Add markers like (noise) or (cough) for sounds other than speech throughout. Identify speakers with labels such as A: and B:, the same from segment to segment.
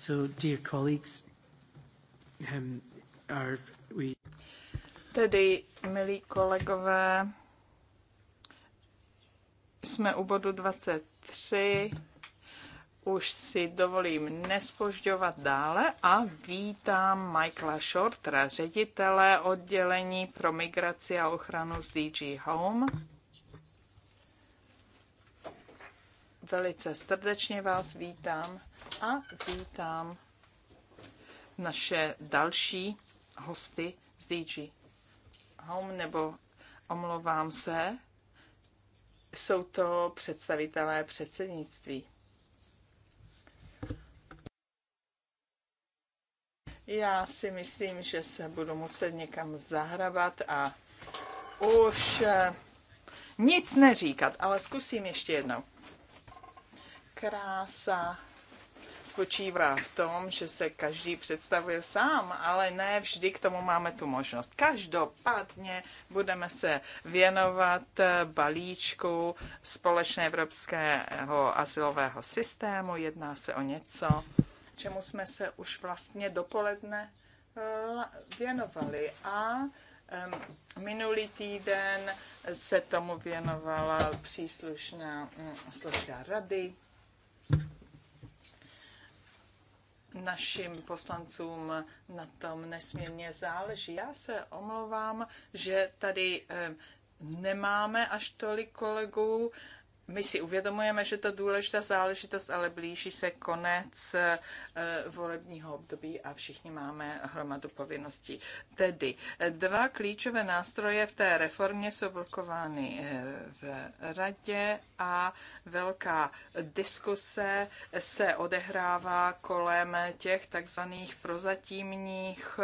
A: So, dear colleagues, um, are we...
B: Tedy, milí kolegové, jsme u bodu 23. Už si dovolím nespožďovat dále a vítám Michaela Shortra, ředitele oddělení pro migraci a ochranu z DG Home. Velice srdečně vás vítám a vítám naše další hosty z DG Home, nebo omlouvám se, jsou to představitelé předsednictví. Já si myslím, že se budu muset někam zahrabat a už eh, nic neříkat, ale zkusím ještě jednou. Krása spočívá v tom, že se každý představuje sám, ale ne vždy k tomu máme tu možnost. Každopádně budeme se věnovat balíčku společné evropského asilového systému. Jedná se o něco, čemu jsme se už vlastně dopoledne eh, věnovali. A Minulý týden se tomu věnovala příslušná mm, složka rady našim poslancům na tom nesmírně záleží. Já se omlouvám, že tady eh, nemáme až tolik kolegů my si uvědomujeme, že to důležitá záležitost, ale blíží se konec eh, volebního období a všichni máme hromadu povinností. Tedy eh, dva klíčové nástroje v té reformě jsou blokovány eh, v radě a velká diskuse se odehrává kolem těch takzvaných prozatímních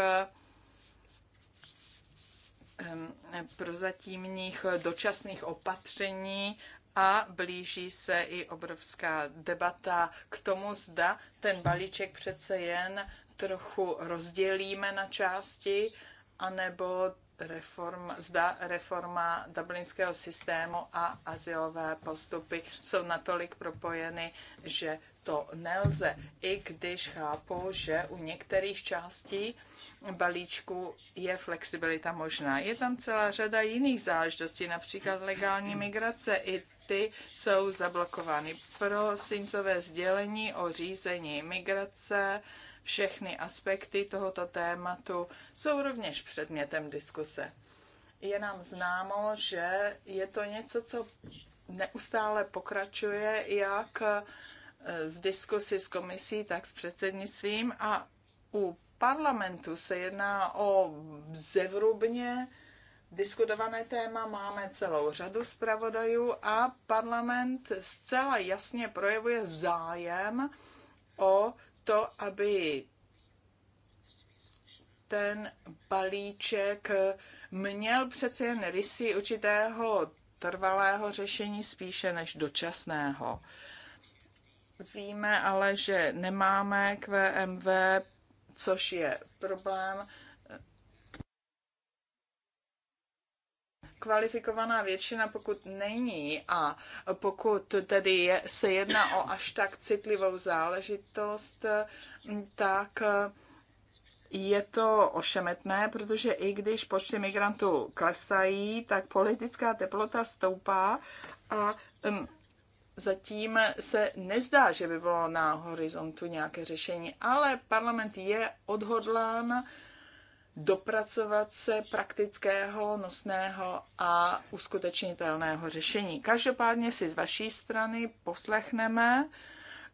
B: prozatímních dočasných opatření a blíží se i obrovská debata k tomu, zda ten balíček přece jen trochu rozdělíme na části, anebo reform, zda reforma dublinského systému a asilové postupy jsou natolik propojeny, že to nelze, i když chápu, že u některých částí balíčku je flexibilita možná. Je tam celá řada jiných záležitostí, například legální migrace. I ty jsou zablokovány. syncové sdělení o řízení migrace, všechny aspekty tohoto tématu jsou rovněž předmětem diskuse. Je nám známo, že je to něco, co neustále pokračuje, jak eh, v diskusi s komisí, tak s předsednictvím a u parlamentu se jedná o zevrubně diskutované téma, máme celou řadu zpravodajů a parlament zcela jasně projevuje zájem o to, aby ten balíček měl přece jen rysy určitého trvalého řešení spíše než dočasného. Víme ale, že nemáme QMV, což je problém, kvalifikovaná většina, pokud není a pokud tedy je, se jedná o až tak citlivou záležitost, tak je to ošemetné, protože i když počty migrantů klesají, tak politická teplota stoupá a um, zatím se nezdá, že by bylo na horizontu nějaké řešení, ale parlament je odhodlán uh, dopracovat se praktického, nosného a uskutečnitelného řešení. Každopádně si z vaší strany poslechneme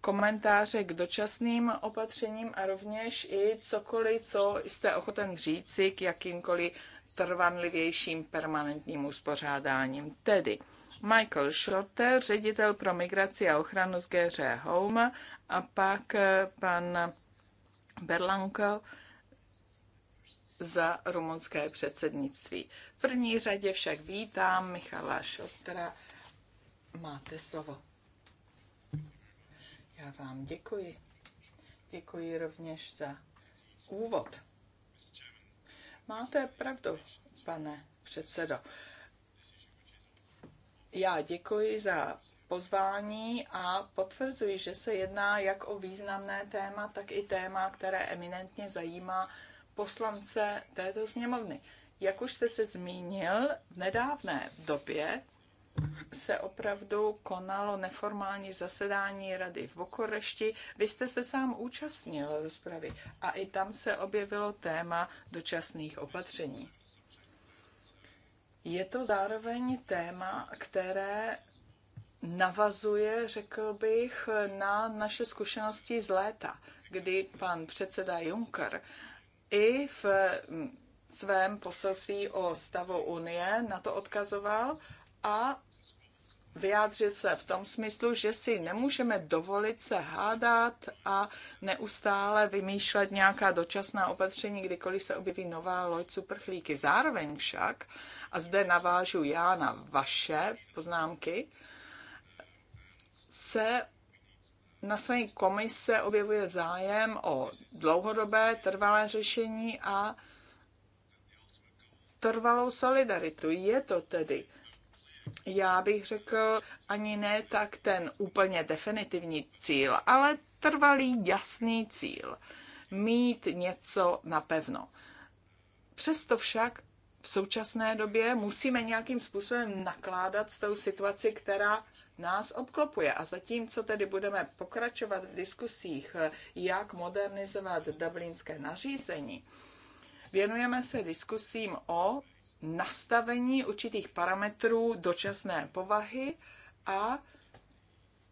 B: komentáře k dočasným opatřením a rovněž i cokoliv, co jste ochoten říci k jakýmkoliv trvanlivějším permanentním uspořádáním. Tedy Michael Schroter, ředitel pro migraci a ochranu z GŘ Home a pak pan Berlanko, za rumunské předsednictví. V první řadě však vítám Michala Šotra. Máte slovo. Já vám děkuji. Děkuji rovněž za úvod. Máte pravdu, pane předsedo. Já děkuji za pozvání a potvrzuji, že se jedná jak o významné téma, tak i téma, které eminentně zajímá poslance této sněmovny. Jak už jste se zmínil, v nedávné době se opravdu konalo neformální zasedání rady v Bokorešti. Vy jste se sám účastnil rozpravy a i tam se objevilo téma dočasných opatření. Je to zároveň téma, které navazuje, řekl bych, na naše zkušenosti z léta, kdy pan předseda Juncker i v mm, svém poselství o stavu Unie na to odkazoval a vyjádřil se v tom smyslu, že si nemůžeme dovolit se hádat a neustále vymýšlet nějaká dočasná opatření, kdykoliv se objeví nová loď superchlíky. Zároveň však, a zde navážu já na vaše poznámky, se na straně komise objevuje zájem o dlouhodobé trvalé řešení a trvalou solidaritu. Je to tedy, já bych řekl, ani ne tak ten úplně definitivní cíl, ale trvalý jasný cíl. Mít něco napevno. Přesto však v současné době musíme nějakým způsobem nakládat s tou situací, která nás obklopuje. A zatímco tedy budeme pokračovat v diskusích, jak modernizovat dublinské nařízení, věnujeme se diskusím o nastavení určitých parametrů dočasné povahy a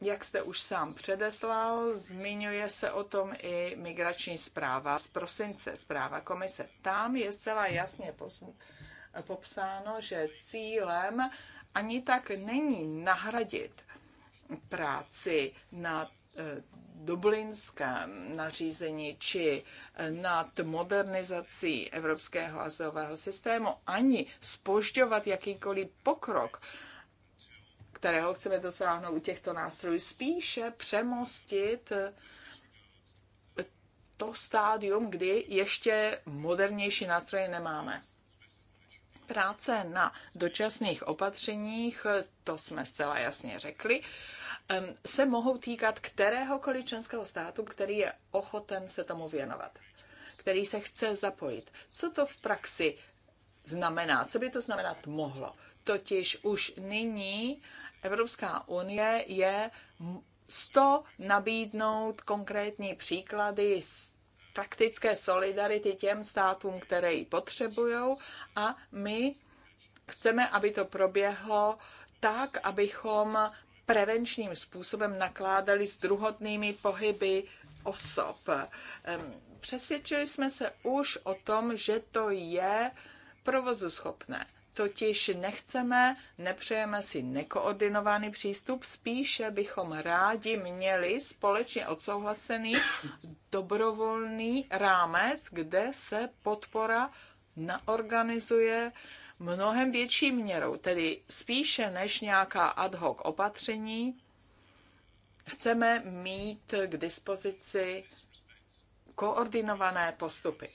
B: jak jste už sám předeslal, zmiňuje se o tom i migrační zpráva z prosince, zpráva komise. Tam je zcela jasně popsáno, že cílem ani tak není nahradit práci na eh, dublinském nařízení či eh, nad modernizací evropského azylového systému, ani spožďovat jakýkoliv pokrok, kterého chceme dosáhnout u těchto nástrojů, spíše přemostit eh, to stádium, kdy ještě modernější nástroje nemáme práce na dočasných opatřeních, to jsme zcela jasně řekli, se mohou týkat kteréhokoliv členského státu, který je ochoten se tomu věnovat, který se chce zapojit. Co to v praxi znamená? Co by to znamenat mohlo? Totiž už nyní Evropská unie je 100 nabídnout konkrétní příklady z praktické solidarity těm státům, které ji potřebují a my chceme, aby to proběhlo tak, abychom prevenčním způsobem nakládali s druhotnými pohyby osob. Přesvědčili jsme se už o tom, že to je provozu schopné totiž nechceme, nepřejeme si nekoordinovaný přístup, spíše bychom rádi měli společně odsouhlasený dobrovolný rámec, kde se podpora naorganizuje mnohem větší měrou, tedy spíše než nějaká ad hoc opatření, chceme mít k dispozici koordinované postupy.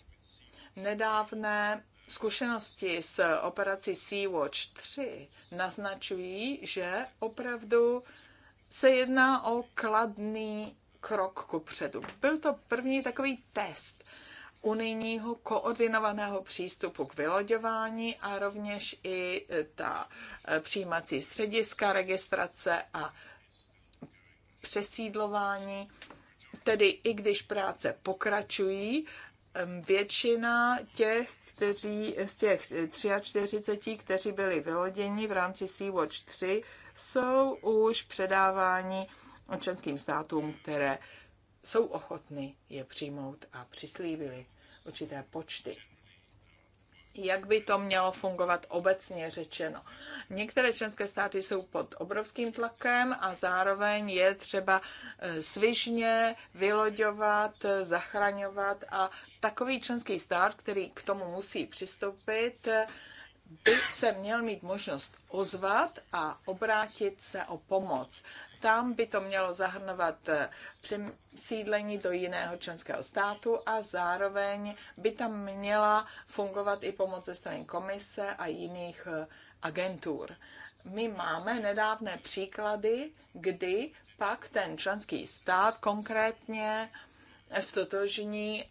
B: Nedávné Zkušenosti s operací Sea-Watch 3 naznačují, že opravdu se jedná o kladný krok ku předu. Byl to první takový test unijního koordinovaného přístupu k vyloďování a rovněž i ta e, přijímací střediska, registrace a přesídlování. Tedy i když práce pokračují, e, většina těch kteří z těch 43, kteří byli vyloděni v rámci Sea-Watch 3, jsou už předáváni členským státům, které jsou ochotny je přijmout a přislíbili určité počty jak by to mělo fungovat obecně řečeno. Některé členské státy jsou pod obrovským tlakem a zároveň je třeba e, svižně vyloďovat, e, zachraňovat a takový členský stát, který k tomu musí přistoupit, by se měl mít možnost ozvat a obrátit se o pomoc. Tam by to mělo zahrnovat eh, přesídlení do jiného členského státu a zároveň by tam měla fungovat i pomoc ze strany komise a jiných eh, agentur. My máme nedávné příklady, kdy pak ten členský stát konkrétně stotožní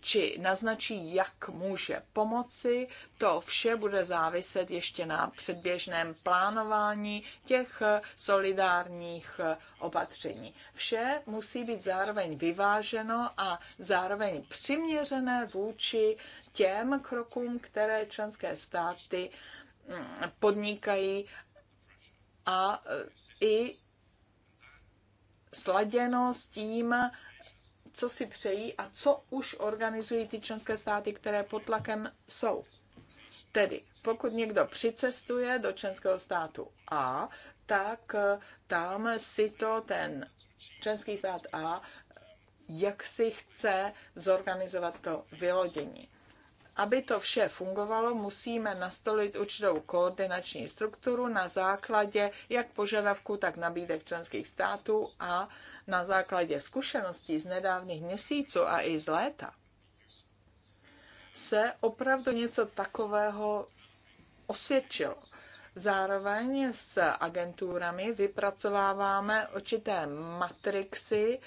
B: či naznačí, jak může pomoci. To vše bude záviset ještě na předběžném plánování těch solidárních opatření. Vše musí být zároveň vyváženo a zároveň přiměřené vůči těm krokům, které členské státy mm, podnikají a e, i sladěno s tím, co si přejí a co už organizují ty členské státy, které pod tlakem jsou. Tedy, pokud někdo přicestuje do členského státu A, tak eh, tam si to ten členský stát A jak si chce zorganizovat to vylodění. Aby to vše fungovalo, musíme nastolit určitou koordinační strukturu na základě jak požadavku, tak nabídek členských států a na základě zkušeností z nedávných měsíců a i z léta, se opravdu něco takového osvědčilo. Zároveň s agenturami vypracováváme určité matrixy,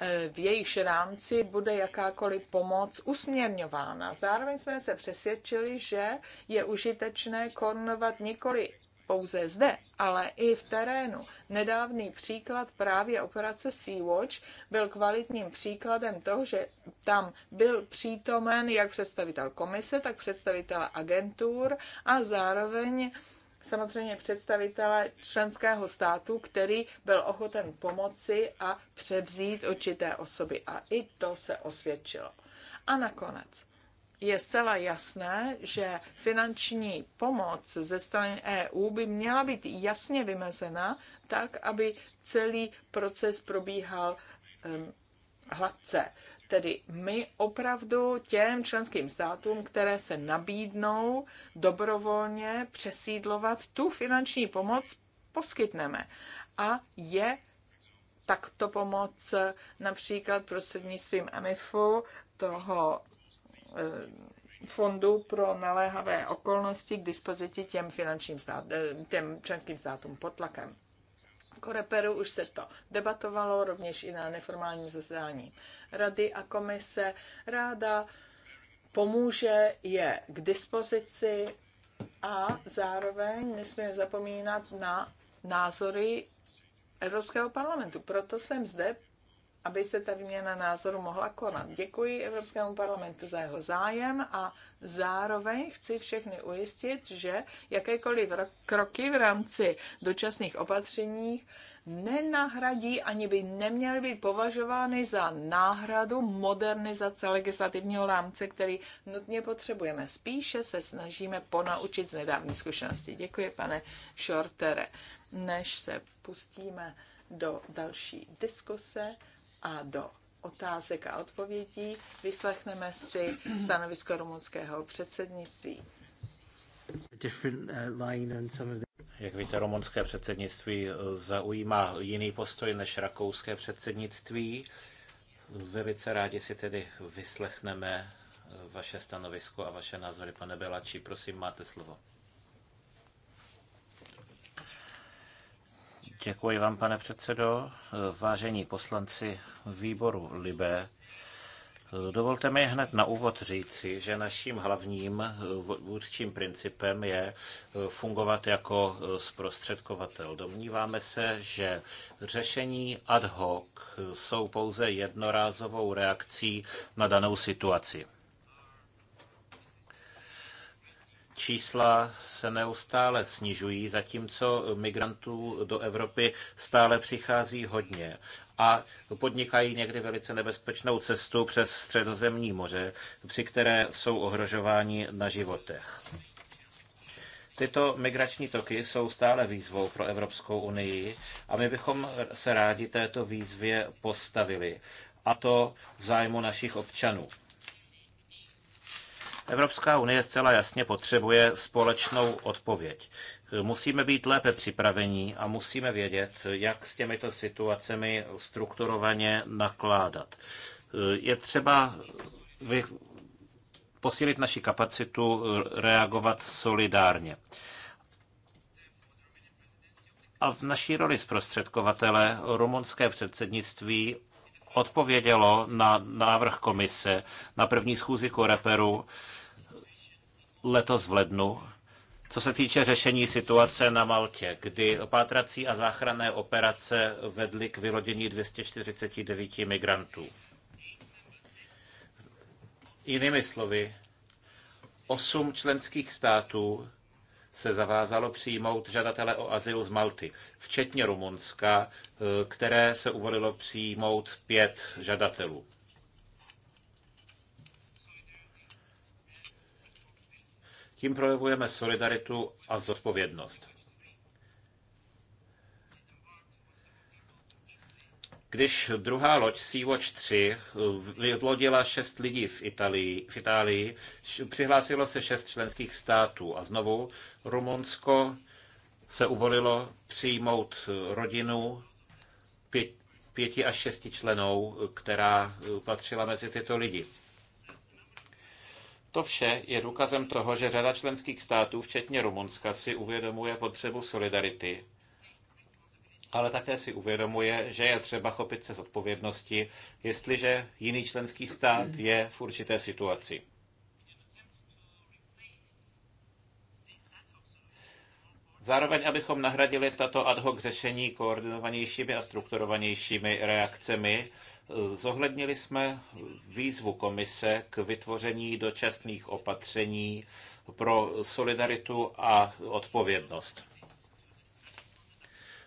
B: eh, v jejich rámci bude jakákoliv pomoc usměrňována. Zároveň jsme se přesvědčili, že je užitečné koordinovat nikoli pouze zde, ale i v terénu. Nedávný příklad právě operace Sea-Watch byl kvalitním příkladem toho, že tam byl přítomen jak představitel komise, tak představitel agentur a zároveň samozřejmě představitele členského státu, který byl ochoten pomoci a převzít určité osoby. A i to se osvědčilo. A nakonec je zcela jasné, že finanční pomoc ze strany EU by měla být jasně vymezena, tak, aby celý proces probíhal um, hladce. Tedy my opravdu těm členským státům, které se nabídnou dobrovolně přesídlovat tu finanční pomoc, poskytneme. A je takto pomoc například prostřednictvím MIFu, toho Eh, fondu pro naléhavé okolnosti k dispozici těm, finančním stát, eh, těm členským státům pod tlakem. V Koreperu už se to debatovalo, rovněž i na neformálním zasedání rady a komise. Ráda pomůže, je k dispozici a zároveň nesmíme zapomínat na názory Evropského parlamentu. Proto jsem zde aby se ta výměna názoru mohla konat. Děkuji Evropskému parlamentu za jeho zájem a zároveň chci všechny ujistit, že jakékoliv kroky v rámci dočasných opatření nenahradí ani by neměly být považovány za náhradu modernizace legislativního rámce, který nutně potřebujeme. Spíše se snažíme ponaučit z nedávní zkušenosti. Děkuji, pane Šortere. Než se pustíme do další diskuse, a do otázek a odpovědí vyslechneme si stanovisko rumunského předsednictví.
C: Uh, Jak víte, rumunské předsednictví uh, zaujímá jiný postoj než rakouské předsednictví. Velice rádi si tedy vyslechneme uh, vaše stanovisko a vaše názory, pane Belači. Prosím, máte slovo. Děkuji vám, pane předsedo. Vážení poslanci výboru Libé, Dovolte mi hned na úvod říci, že naším hlavním vůdčím principem je fungovat jako zprostředkovatel. Domníváme se, že řešení ad hoc jsou pouze jednorázovou reakcí na danou situaci. čísla se neustále snižují, zatímco migrantů do Evropy stále přichází hodně a podnikají někdy velice nebezpečnou cestu přes středozemní moře, při které jsou ohrožováni na životech. Tyto migrační toky jsou stále výzvou pro Evropskou unii a my bychom se rádi této výzvě postavili, a to v zájmu našich občanů. Evropská unie zcela jasně potřebuje společnou odpověď. Musíme být lépe připravení a musíme vědět, jak s těmito situacemi strukturovaně nakládat. Je třeba vy... posílit naši kapacitu reagovat solidárně. A v naší roli zprostředkovatele rumunské předsednictví odpovědělo na návrh komise na první schůzi Koreperu letos v lednu, co se týče řešení situace na Maltě, kdy opátrací a záchranné operace vedly k vylodění 249 migrantů. Jinými slovy, osm členských států se zavázalo přijmout žadatele o azyl z Malty, včetně Rumunska, eh, které se uvolilo přijmout pět žadatelů. Tím projevujeme solidaritu a zodpovědnost. Když druhá loď Sea-Watch 3 vylodila šest lidí v Itálii, v Itálii, přihlásilo se šest členských států a znovu Rumunsko se uvolilo přijmout rodinu pěti až šesti členů, která patřila mezi tyto lidi. To vše je důkazem toho, že řada členských států, včetně Rumunska, si uvědomuje potřebu solidarity, ale také si uvědomuje, že je třeba chopit se zodpovědnosti, jestliže jiný členský stát je v určité situaci. Zároveň, abychom nahradili tato ad hoc řešení koordinovanějšími a strukturovanějšími reakcemi, Zohlednili jsme výzvu komise k vytvoření dočasných opatření pro solidaritu a odpovědnost,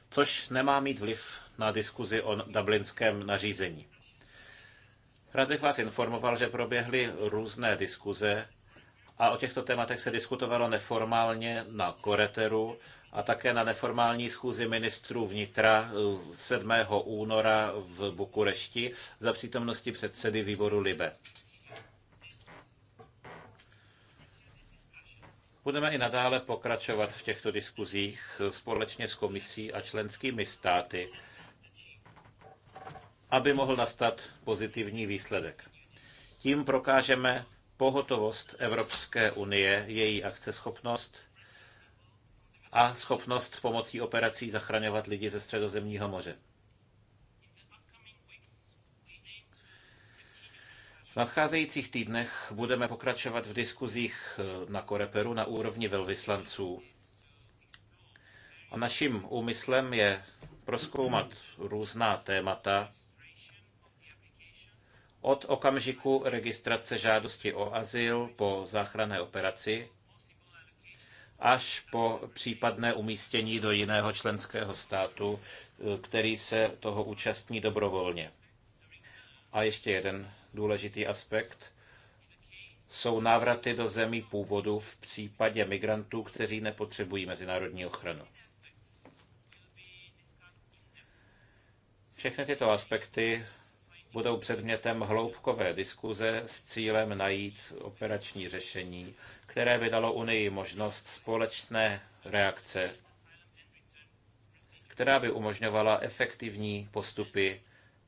C: což nemá mít vliv na diskuzi o dublinském nařízení. Rád bych vás informoval, že proběhly různé diskuze a o těchto tématech se diskutovalo neformálně na Koreteru, a také na neformální schůzi ministrů vnitra 7. Eh, února v Bukurešti za přítomnosti předsedy výboru Libe. Budeme i nadále pokračovat v těchto diskuzích eh, společně s komisí a členskými státy, aby mohl nastat pozitivní výsledek. Tím prokážeme pohotovost Evropské unie, její akceschopnost a schopnost pomocí operací zachraňovat lidi ze Středozemního moře. V nadcházejících týdnech budeme pokračovat v diskuzích eh, na Koreperu na úrovni velvyslanců. A naším úmyslem je proskoumat různá témata od okamžiku registrace žádosti o azyl po záchranné operaci až po případné umístění do jiného členského státu, eh, který se toho účastní dobrovolně. A ještě jeden důležitý aspekt jsou návraty do zemí původu v případě migrantů, kteří nepotřebují mezinárodní ochranu. Všechny tyto aspekty budou předmětem hloubkové diskuze s cílem najít operační řešení, které by dalo Unii možnost společné reakce, která by umožňovala efektivní postupy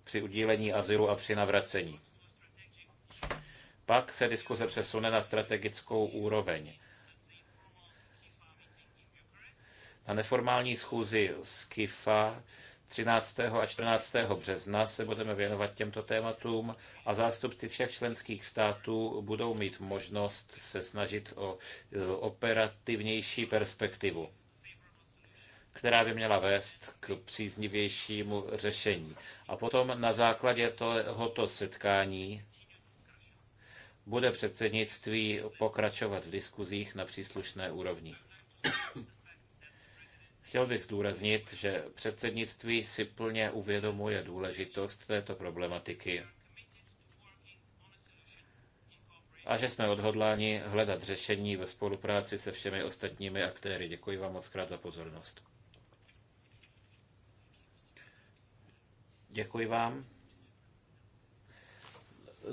C: při udílení azylu a při navracení. Pak se diskuze přesune na strategickou úroveň. Na neformální schůzi z KIFA 13. a 14. března se budeme věnovat těmto tématům a zástupci všech členských států budou mít možnost se snažit o e, operativnější perspektivu, která by měla vést k příznivějšímu řešení. A potom na základě tohoto setkání bude předsednictví pokračovat v diskuzích na příslušné úrovni. Chtěl bych zdůraznit, že předsednictví si plně uvědomuje důležitost této problematiky a že jsme odhodláni hledat řešení ve spolupráci se všemi ostatními aktéry. Děkuji vám moc krát za pozornost. Děkuji vám.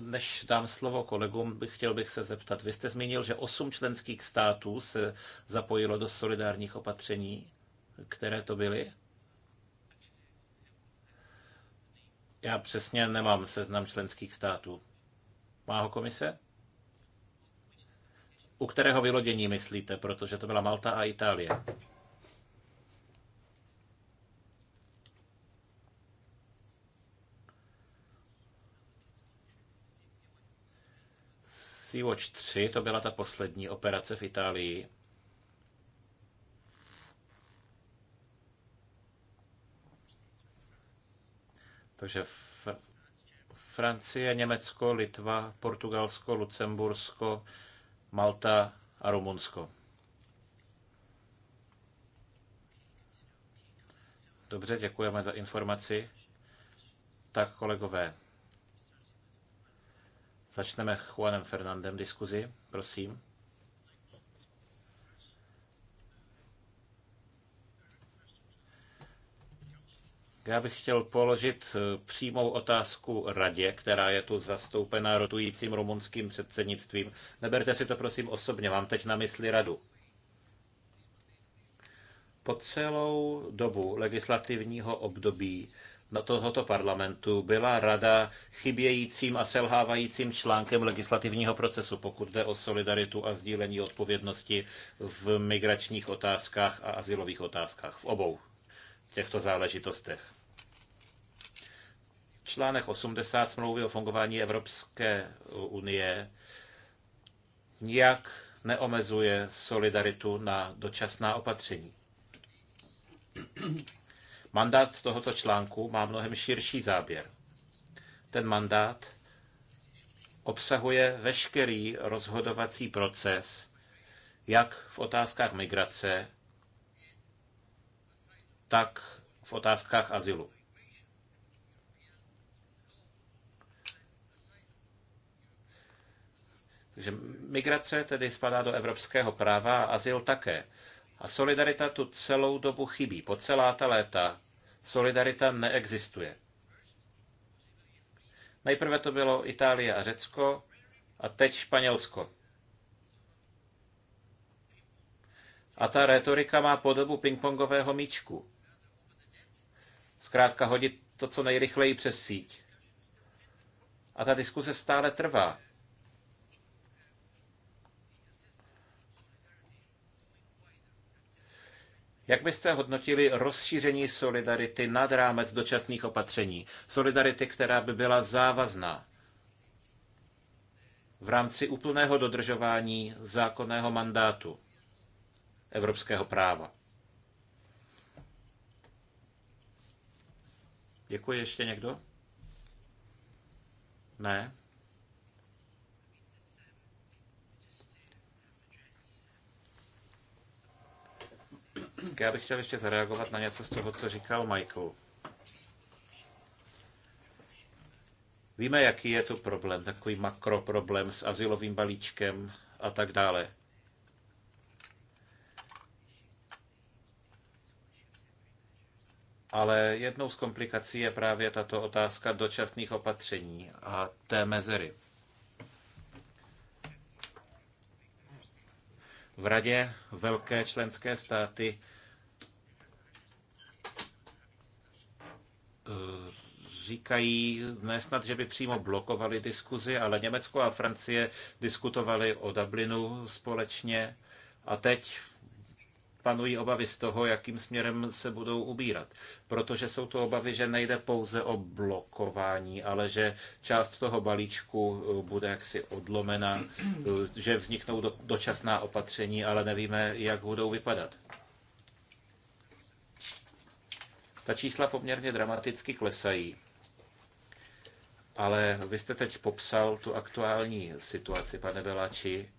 C: Než dám slovo kolegům, bych chtěl bych se zeptat. Vy jste zmínil, že osm členských států se zapojilo do solidárních opatření které to byly? Já přesně nemám seznam členských států. Má ho komise? U kterého vylodění myslíte? Protože to byla Malta a Itálie. Sea-Watch 3, to byla ta poslední operace v Itálii. Takže Fr- Francie, Německo, Litva, Portugalsko, Lucembursko, Malta a Rumunsko. Dobře, děkujeme za informaci. Tak, kolegové, začneme Juanem Fernandem diskuzi, prosím. Já bych chtěl položit eh, přímou otázku radě, která je tu zastoupená rotujícím rumunským předsednictvím. Neberte si to prosím osobně, mám teď na mysli radu. Po celou dobu legislativního období na tohoto parlamentu byla rada chybějícím a selhávajícím článkem legislativního procesu, pokud jde o solidaritu a sdílení odpovědnosti v migračních otázkách a asilových otázkách, v obou těchto záležitostech. Článek 80 smlouvy o fungování Evropské unie nijak neomezuje solidaritu na dočasná opatření. Mandát tohoto článku má mnohem širší záběr. Ten mandát obsahuje veškerý rozhodovací proces, jak v otázkách migrace, tak v otázkách azylu. Takže migrace tedy spadá do evropského práva a azyl také. A solidarita tu celou dobu chybí. Po celá ta léta solidarita neexistuje. Nejprve to bylo Itálie a Řecko a teď Španělsko. A ta retorika má podobu pingpongového míčku. Zkrátka hodit to, co nejrychleji přes síť. A ta diskuse stále trvá. Jak byste hodnotili rozšíření solidarity nad rámec dočasných opatření? Solidarity, která by byla závazná v rámci úplného dodržování zákonného mandátu evropského práva. Děkuji ještě někdo? Ne. Já bych chtěl ještě zareagovat na něco z toho, co říkal Michael. Víme, jaký je to problém, takový makroproblém s asilovým balíčkem a tak dále. Ale jednou z komplikací je právě tato otázka dočasných opatření a té mezery. V radě velké členské státy říkají, ne snad, že by přímo blokovali diskuzi, ale Německo a Francie diskutovali o Dublinu společně a teď panují obavy z toho, jakým směrem se budou ubírat. Protože jsou to obavy, že nejde pouze o blokování, ale že část toho balíčku eh, bude jaksi odlomena, eh, že vzniknou dočasná opatření, ale nevíme, jak budou vypadat. Ta čísla poměrně dramaticky klesají. Ale vy jste teď popsal tu aktuální situaci, pane Velači,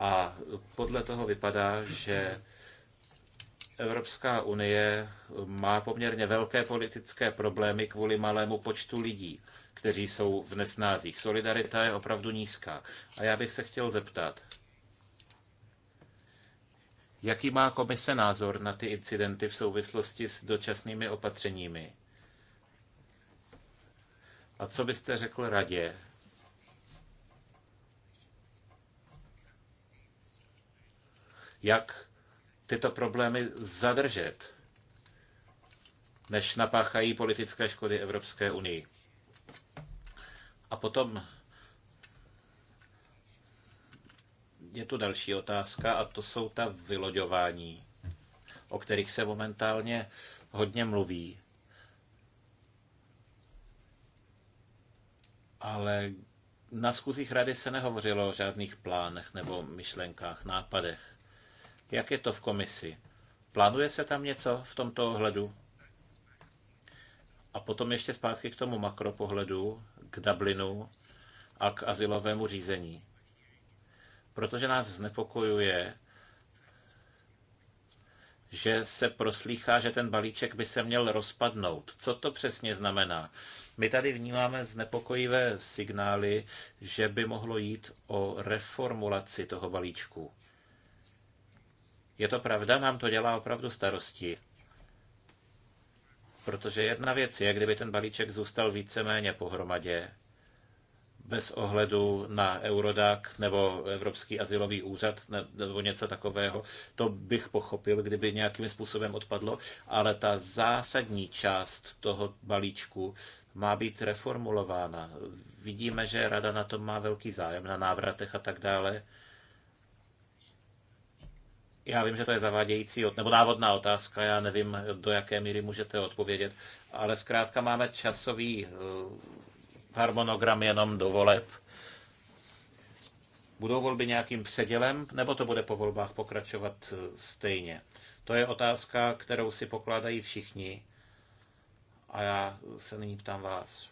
C: a podle toho vypadá, že Evropská unie má poměrně velké politické problémy kvůli malému počtu lidí, kteří jsou v nesnázích. Solidarita je opravdu nízká. A já bych se chtěl zeptat, jaký má komise názor na ty incidenty v souvislosti s dočasnými opatřeními? A co byste řekl radě? Jak tyto problémy zadržet, než napáchají politické škody Evropské unii? A potom je tu další otázka a to jsou ta vyloďování, o kterých se momentálně hodně mluví. ale na schůzích rady se nehovořilo o žádných plánech nebo myšlenkách, nápadech. Jak je to v komisi? Plánuje se tam něco v tomto ohledu? A potom ještě zpátky k tomu makropohledu, k Dublinu a k asilovému řízení. Protože nás znepokojuje, že se proslýchá, že ten balíček by se měl rozpadnout. Co to přesně znamená? My tady vnímáme znepokojivé signály, že by mohlo jít o reformulaci toho balíčku. Je to pravda? Nám to dělá opravdu starosti. Protože jedna věc je, kdyby ten balíček zůstal víceméně pohromadě bez ohledu na Eurodac nebo Evropský asilový úřad nebo něco takového. To bych pochopil, kdyby nějakým způsobem odpadlo, ale ta zásadní část toho balíčku má být reformulována. Vidíme, že Rada na tom má velký zájem, na návratech a tak dále. Já vím, že to je zavádějící, nebo návodná otázka, já nevím, do jaké míry můžete odpovědět, ale zkrátka máme časový eh, harmonogram jenom do voleb. Budou volby nějakým předělem, nebo to bude po volbách pokračovat eh, stejně? To je otázka, kterou si pokládají všichni. A já se nyní ptám vás.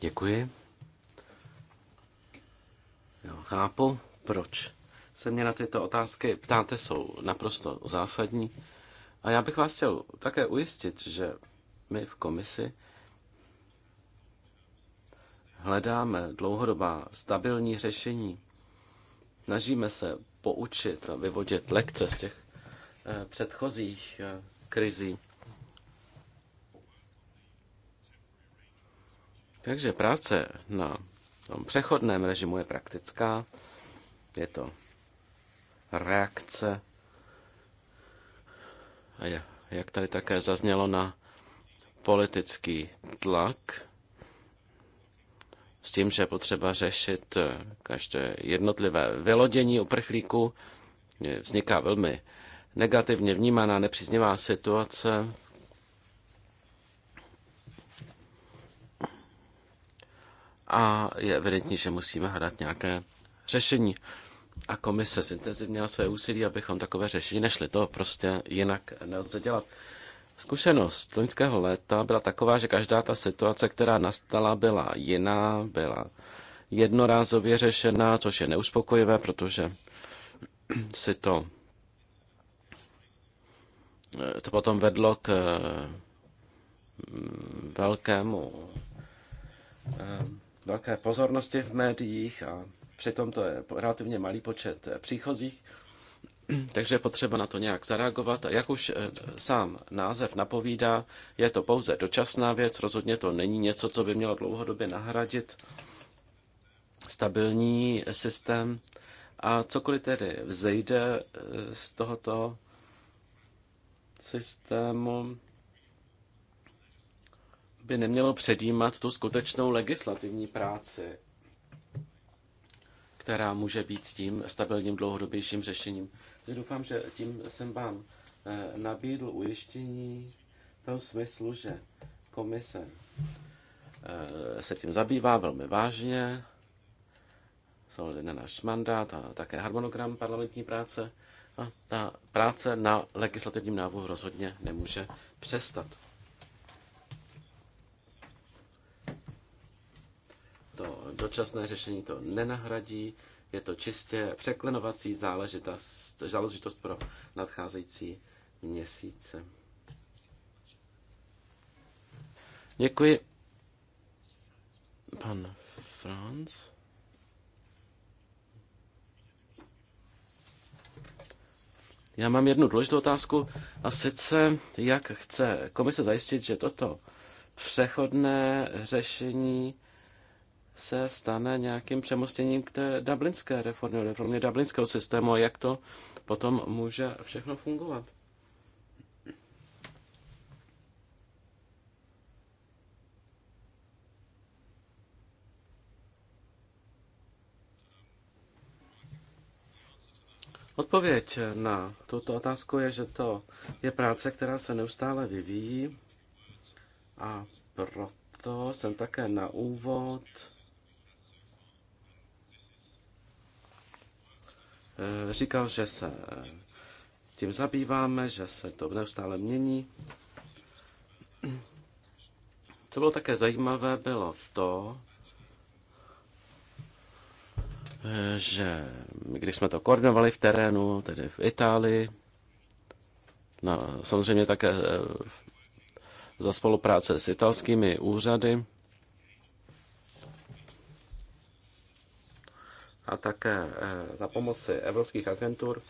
A: Děkuji. Jo, chápu, proč se mě na tyto otázky ptáte, jsou naprosto zásadní. A já bych vás chtěl také ujistit, že my v komisi hledáme dlouhodobá stabilní řešení. Snažíme se poučit a vyvodit lekce z těch eh, předchozích eh, krizí. Takže práce na tom přechodném režimu je praktická. Je to reakce jak tady také zaznělo, na politický tlak s tím, že je potřeba řešit eh, každé jednotlivé vylodění uprchlíků. Vzniká velmi negativně vnímaná nepříznivá situace. A je evidentní, že musíme hledat nějaké řešení. A komise zintenzivnila své úsilí, abychom takové řešení nešli. To prostě jinak nelze dělat. Zkušenost loňského léta byla taková, že každá ta situace, která nastala, byla jiná, byla jednorázově řešená, což je neuspokojivé, protože si to to potom vedlo k mm, velkému eh, velké pozornosti v médiích a Přitom to je relativně malý počet eh, příchozích, (clears throat) takže je potřeba na to nějak zareagovat. Jak už eh, sám název napovídá, je to pouze dočasná věc, rozhodně to není něco, co by mělo dlouhodobě nahradit stabilní systém. A cokoliv tedy vzejde eh, z tohoto systému, by nemělo předjímat tu skutečnou legislativní práci která může být tím stabilním dlouhodobějším řešením. Takže doufám, že tím jsem vám eh, nabídl ujištění v tom smyslu, že komise eh, se tím zabývá velmi vážně, jsou náš mandát a také harmonogram parlamentní práce a ta práce na legislativním návrhu rozhodně nemůže přestat. dočasné řešení to nenahradí, je to čistě překlenovací záležitost, záležitost pro nadcházející měsíce. Děkuji. Pan Franz. Já mám jednu důležitou otázku, a sice, jak chce komise zajistit, že toto přechodné řešení se stane nějakým přemostěním k té dublinské reformě, reformě dublinského systému a jak to potom může všechno fungovat. Odpověď na tuto otázku je, že to je práce, která se neustále vyvíjí a proto jsem také na úvod Eh, říkal, že se eh, tím zabýváme, že se to neustále mění. Co bylo také zajímavé, bylo to, eh, že když jsme to koordinovali v terénu, tedy v Itálii, no, samozřejmě také za spolupráce s italskými úřady, a také eh, za pomoci evropských agentur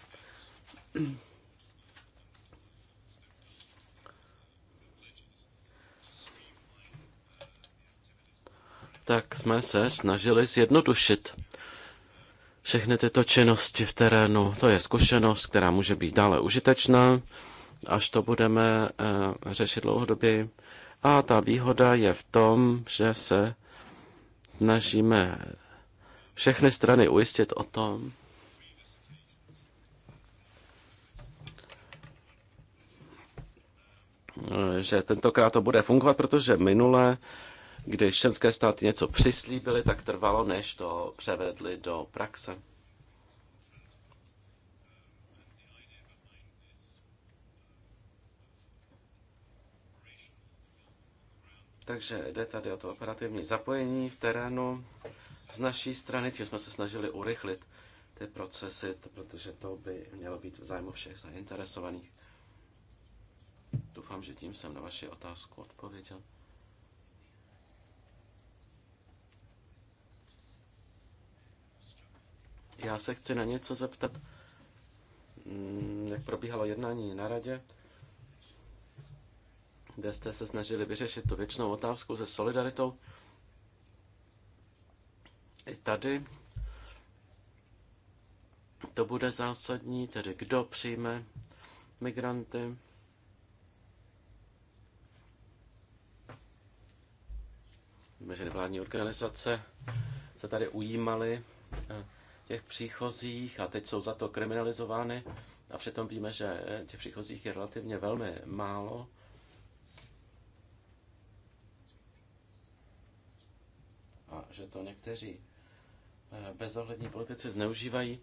A: tak jsme se snažili zjednodušit všechny tyto činnosti v terénu. To je zkušenost, která může být dále užitečná, až to budeme eh, řešit dlouhodobě. A ta výhoda je v tom, že se snažíme všechny strany ujistit o tom, že tentokrát to bude fungovat, protože minule, když členské státy něco přislíbily, tak trvalo, než to převedli do praxe. Takže jde tady o to operativní zapojení v terénu. Z naší strany, tím jsme se snažili urychlit ty procesy, protože to by mělo být v zájmu všech zainteresovaných. Doufám, že tím jsem na vaši otázku odpověděl. Já se chci na něco zeptat. Mm, jak probíhalo jednání na radě, kde jste se snažili vyřešit tu věčnou otázku se solidaritou? I tady to bude zásadní, tedy kdo přijme migranty. Mezinevládní organizace se tady ujímaly eh, těch příchozích a teď jsou za to kriminalizovány a přitom víme, že eh, těch příchozích je relativně velmi málo. A že to někteří bezohlední politici zneužívají.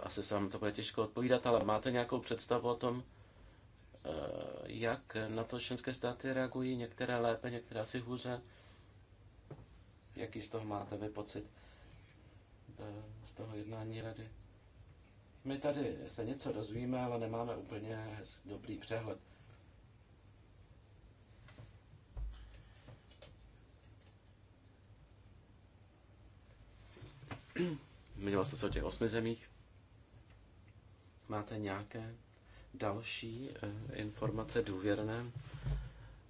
A: Asi se vám to bude těžko odpovídat, ale máte nějakou představu o tom, eh, jak na to členské státy reagují, některé lépe, některé asi hůře? Jaký z toho máte vy pocit? Eh, z toho jednání rady? My tady se něco dozvíme, ale nemáme úplně dobrý přehled. Mluvil jste se o těch osmi zemích. Máte nějaké další eh, informace důvěrné?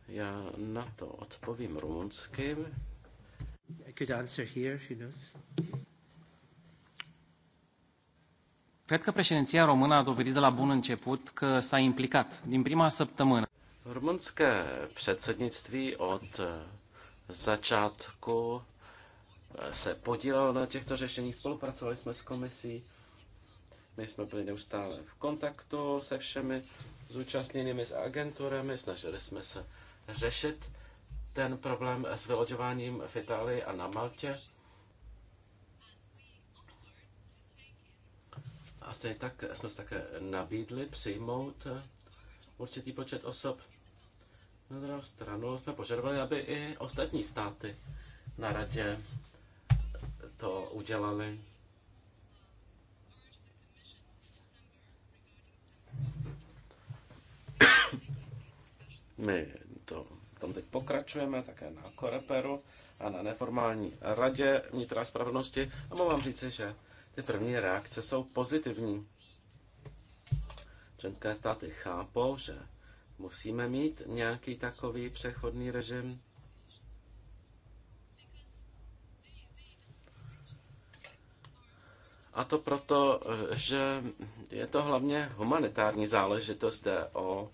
A: Já na to odpovím rumunským. I could answer here, who knows. Cred că președinția română a dovedit de la bun început că s-a implicat din prima săptămână. Rumunské předsednictví od eh, začátku se podílelo na těchto řešeních, spolupracovali jsme s komisí, my jsme byli neustále v kontaktu se všemi zúčastněnými s agenturami, snažili jsme se řešit ten problém s vyloďováním v Itálii a na Maltě. A stejně tak jsme se také nabídli přijmout určitý počet osob. Na druhou stranu jsme požadovali, aby i ostatní státy na radě to udělali. My to, tam teď pokračujeme také na Koreperu a na neformální radě vnitra spravedlnosti a mohu vám říci, že ty první reakce jsou pozitivní. Členské státy chápou, že musíme mít nějaký takový přechodný režim A to proto, že je to hlavně humanitární záležitost, jde o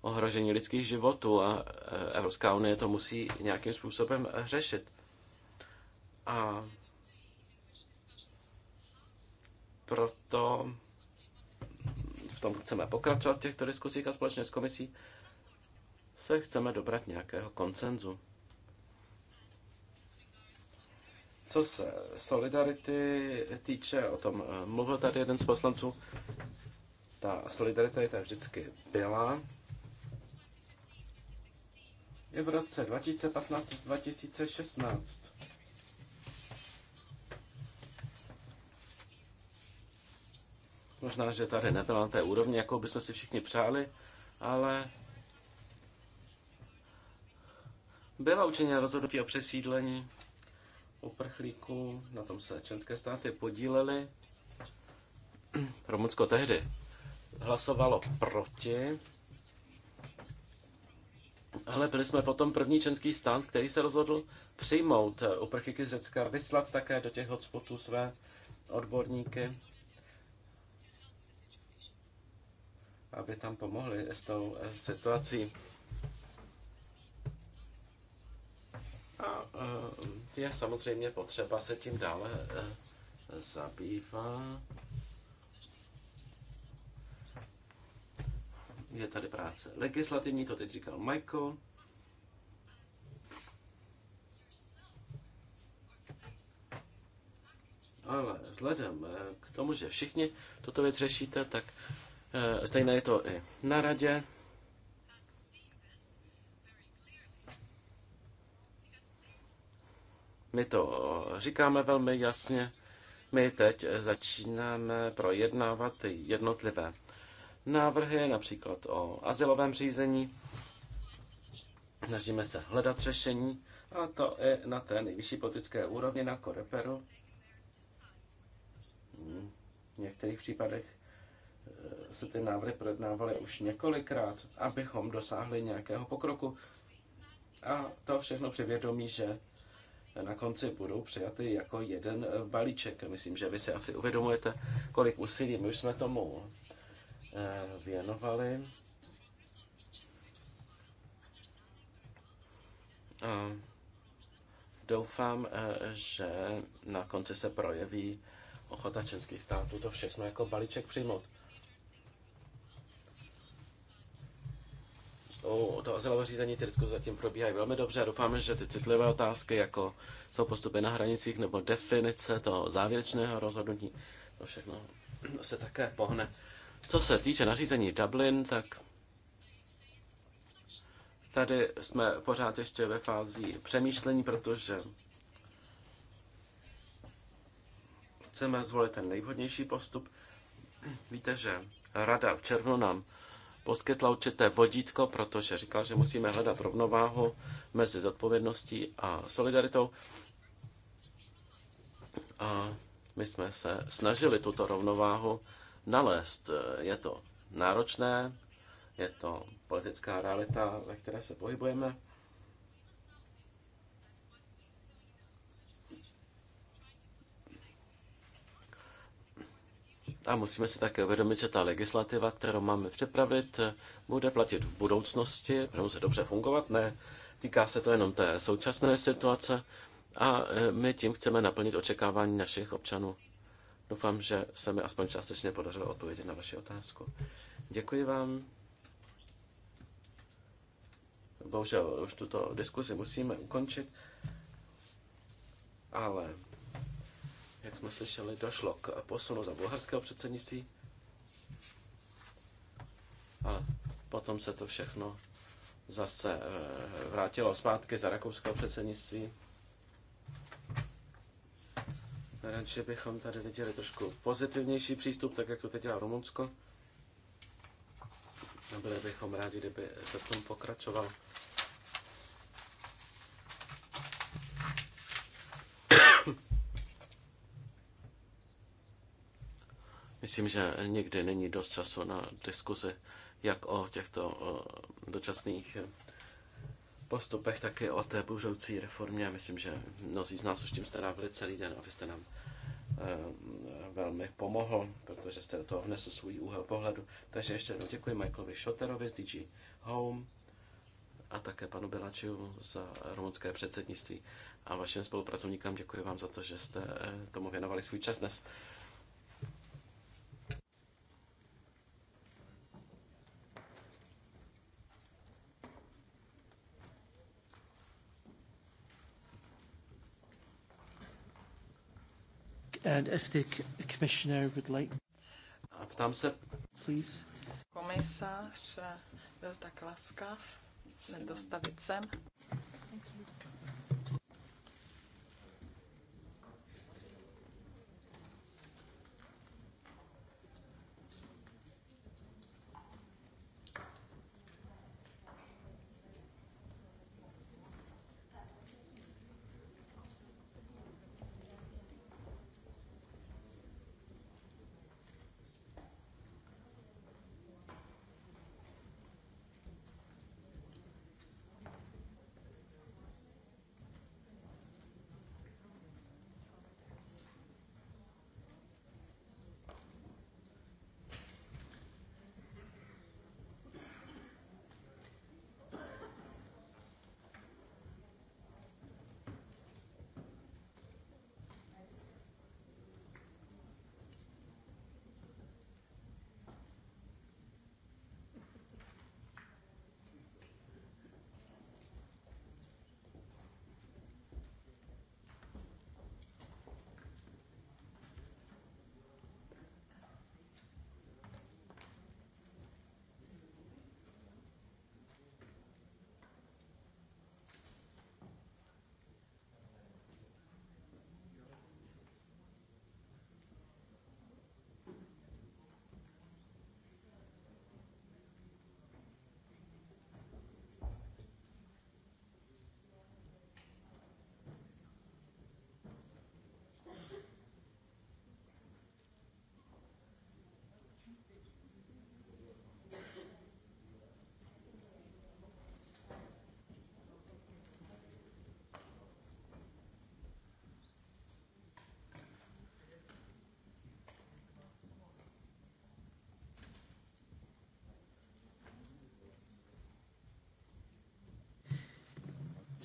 A: ohrožení lidských životů a e, Evropská unie to musí nějakým způsobem řešit. A proto v tom chceme pokračovat v těchto diskusích a společně s komisí se chceme dobrat nějakého koncenzu. Co se solidarity týče, o tom eh, mluvil tady jeden z poslanců, ta solidarita je tam vždycky byla. Je v roce 2015-2016 Možná, že tady nebyla na té úrovni, jakou bychom si všichni přáli, ale byla učiněna rozhodnutí o přesídlení uprchlíků. Na tom se členské státy podílely. Rumunsko tehdy hlasovalo proti, ale byli jsme potom první členský stát, který se rozhodl přijmout uprchlíky z Řecka, vyslat také do těch hotspotů své odborníky, aby tam pomohli s tou eh, situací. A eh, je samozřejmě potřeba se tím dále eh, zabývat. Je tady práce legislativní, to teď říkal Michael. Ale vzhledem eh, k tomu, že všichni tuto věc řešíte, tak stejné je to i na radě. My to eh, říkáme velmi jasně. My teď začínáme projednávat jednotlivé návrhy, například o asilovém řízení. Snažíme se hledat řešení, a to i na té nejvyšší politické úrovni, na Koreperu. V některých případech eh, se ty návrhy projednávaly už několikrát, abychom dosáhli nějakého pokroku. A to všechno při vědomí, že na konci budou přijaty jako jeden balíček. Myslím, že vy si asi uvědomujete, kolik úsilí my už jsme tomu eh, věnovali. A doufám, eh, že na konci se projeví ochota českých států to všechno jako balíček přijmout. to toho azylového řízení Tyrsko zatím probíhají velmi dobře a doufáme, že ty citlivé otázky, jako jsou postupy na hranicích nebo definice toho závěrečného rozhodnutí, to všechno se také pohne. Co se týče nařízení Dublin, tak tady jsme pořád ještě ve fázi přemýšlení, protože chceme zvolit ten nejvhodnější postup. Víte, že Rada v červnu nám poskytla určité vodítko, protože říkala, že musíme hledat rovnováhu mezi zodpovědností a solidaritou. A my jsme se snažili tuto rovnováhu nalézt. Je to náročné, je to politická realita, ve které se pohybujeme. A musíme si také uvědomit, že ta legislativa, kterou máme připravit, bude platit v budoucnosti, bude muset dobře fungovat, ne? Týká se to jenom té současné situace a e, my tím chceme naplnit očekávání našich občanů. Doufám, že se mi aspoň částečně podařilo odpovědět na vaši otázku. Děkuji vám. Bohužel už tuto diskusi musíme ukončit, ale jak jsme slyšeli, došlo k posunu za bulharského předsednictví, a potom se to všechno zase eh, vrátilo zpátky za rakouského předsednictví. Radši bychom tady viděli trošku pozitivnější přístup, tak jak to teď dělá Rumunsko. A byli bychom rádi, kdyby se v tom pokračoval. Myslím, že nikdy není dost času na diskuzi jak o těchto dočasných postupech, tak i o té budoucí reformě. Myslím, že mnozí z nás už tím strávili celý den a vy jste nám eh, velmi pomohl, protože jste do toho vnesl svůj úhel pohledu. Takže ještě jednou děkuji Michaelovi Šoterovi z DG Home a také panu Bilačiu za rumunské předsednictví a vašim spolupracovníkám děkuji vám za to, že jste eh, tomu věnovali svůj čas dnes. And if the commissioner would like... A ptám se... Please.
B: Eh, byl tak laskav dostavit sem.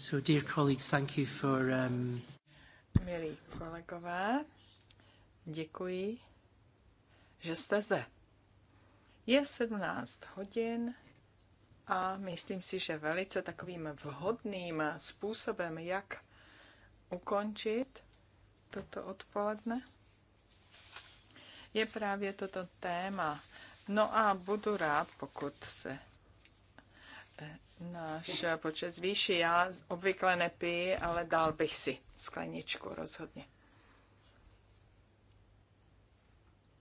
A: So dear colleagues, thank you for... Um...
B: Milí kolegové, děkuji, že jste zde. Je 17 hodin a myslím si, že velice takovým vhodným způsobem, jak ukončit toto odpoledne, je právě toto téma. No a budu rád, pokud se eh, náš počet zvýší. Já obvykle nepiju, ale dal bych si skleničku rozhodně.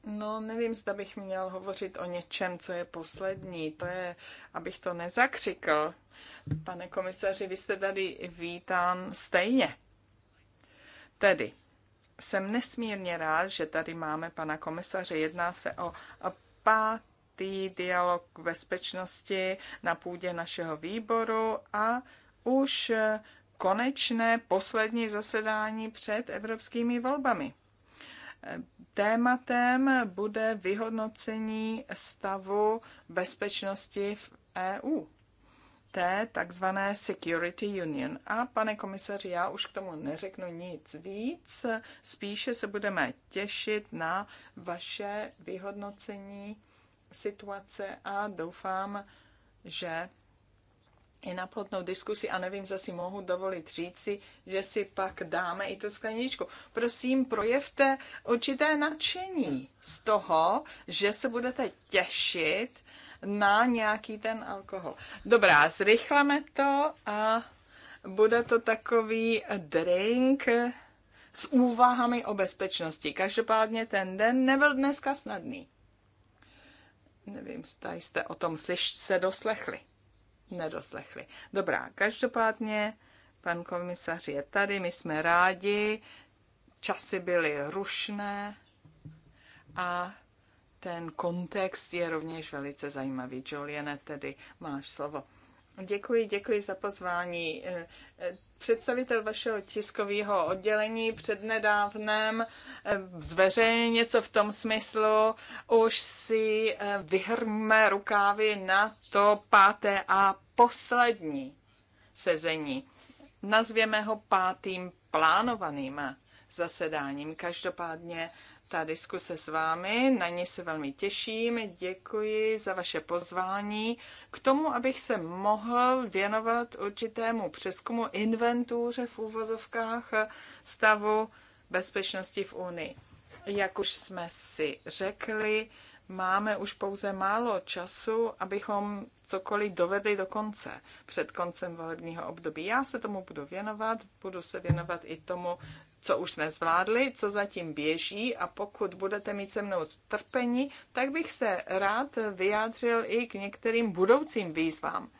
B: No, nevím, zda bych měl hovořit o něčem, co je poslední. To je, abych to nezakřikl. Pane komisaři, vy jste tady vítán stejně. Tedy, jsem nesmírně rád, že tady máme pana komisaře. Jedná se o pát čtvrtý dialog k bezpečnosti na půdě našeho výboru a už konečné poslední zasedání před evropskými volbami. Tématem bude vyhodnocení stavu bezpečnosti v EU, té takzvané Security Union. A pane komisaři, já už k tomu neřeknu nic víc, spíše se budeme těšit na vaše vyhodnocení situace a doufám, že i na plotnou diskusi a nevím, zda si mohu dovolit říci, že si pak dáme i tu skleničku. Prosím, projevte určité nadšení z toho, že se budete těšit na nějaký ten alkohol. Dobrá, zrychleme to a bude to takový drink s úvahami o bezpečnosti. Každopádně ten den nebyl dneska snadný. Nevím, zda jste o tom slyš se doslechli. Nedoslechli. Dobrá, každopádně pan komisař je tady, my jsme rádi, časy byly rušné a ten kontext je rovněž velice zajímavý. Juliane, tedy máš slovo. Děkuji, děkuji za pozvání. Eh, eh, představitel vašeho tiskového oddělení přednedávnem eh, zveřejnil něco v tom smyslu, už si vyhrme rukávy na to páté a poslední sezení. Nazvěme ho pátým plánovaným zasedáním. Každopádně ta diskuse s vámi, na ní se velmi těším. Děkuji za vaše pozvání k tomu, abych se mohl věnovat určitému přeskumu inventůře v úvozovkách stavu bezpečnosti v Unii. Jak už jsme si řekli, máme už pouze málo času, abychom cokoliv dovedli do konce před koncem volebního období. Já se tomu budu věnovat, budu se věnovat i tomu, co už jsme zvládli, co zatím běží a pokud budete mít se mnou strpení, tak bych se rád vyjádřil i k některým budoucím výzvám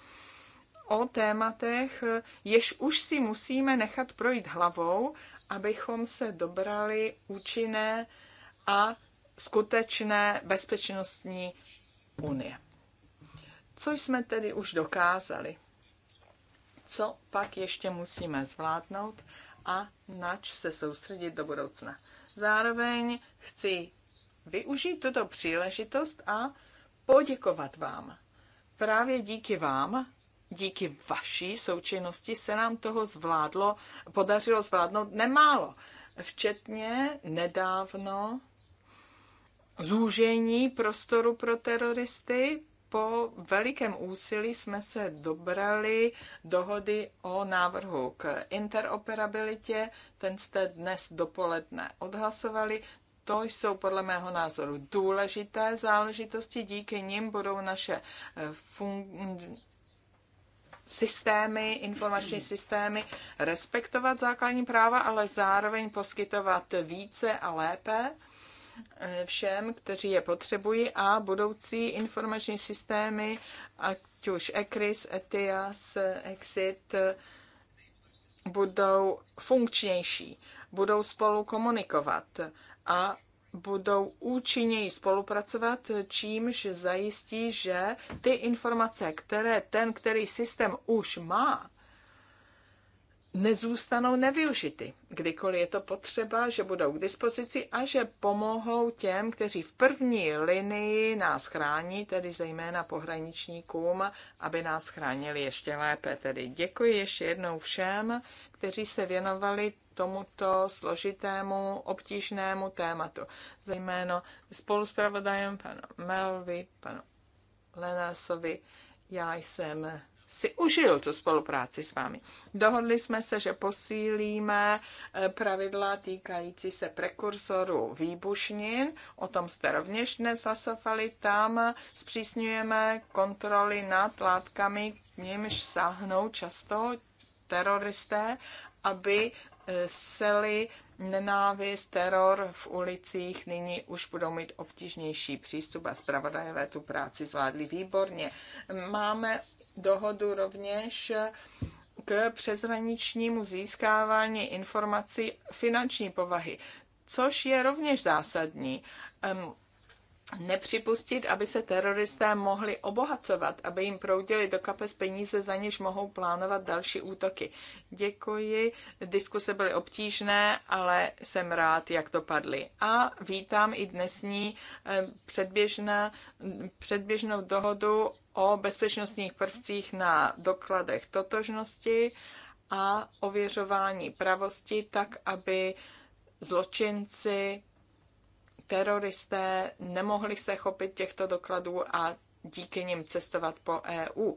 B: o tématech, jež už si musíme nechat projít hlavou, abychom se dobrali účinné a skutečné bezpečnostní unie. Co jsme tedy už dokázali? Co pak ještě musíme zvládnout? a nač se soustředit do budoucna. Zároveň chci využít tuto příležitost a poděkovat vám. Právě díky vám, díky vaší součinnosti se nám toho zvládlo, podařilo zvládnout nemálo. Včetně nedávno zúžení prostoru pro teroristy, po velikém úsilí jsme se dobrali dohody o návrhu k interoperabilitě. Ten jste dnes dopoledne odhlasovali. To jsou podle mého názoru důležité záležitosti, díky nim budou naše eh, fun- systémy, informační systémy respektovat základní práva, ale zároveň poskytovat více a lépe všem, kteří je potřebují a budoucí informační systémy, ať už ECRIS, ETIAS, EXIT, budou funkčnější, budou spolu komunikovat a budou účinněji spolupracovat, čímž zajistí, že ty informace, které ten, který systém už má, nezůstanou nevyužity, kdykoliv je to potřeba, že budou k dispozici a že pomohou těm, kteří v první linii nás chrání, tedy zejména pohraničníkům, aby nás chránili ještě lépe. Tedy děkuji ještě jednou všem, kteří se věnovali tomuto složitému, obtížnému tématu. Zejména spoluspravodajem panu Melvi, panu Lenasovi, Já jsem si užil tu spolupráci s vámi. Dohodli jsme se, že posílíme eh, pravidla týkající se prekursorů výbušnin. O tom jste rovněž dnes hlasovali. Tam zpřísňujeme kontroly nad látkami, k nímž sahnou často teroristé, aby sely, nenávist, teror v ulicích nyní už budou mít obtížnější přístup a zpravodajové tu práci zvládli výborně. Máme dohodu rovněž k přeshraničnímu získávání informací finanční povahy, což je rovněž zásadní nepřipustit, aby se teroristé mohli obohacovat, aby jim proudili do kapes peníze, za něž mohou plánovat další útoky. Děkuji, diskuse byly obtížné, ale jsem rád, jak to padly. A vítám i dnesní eh, předběžná, předběžnou dohodu o bezpečnostních prvcích na dokladech totožnosti a ověřování pravosti, tak aby zločinci teroristé nemohli se chopit těchto dokladů a díky nim cestovat po EU.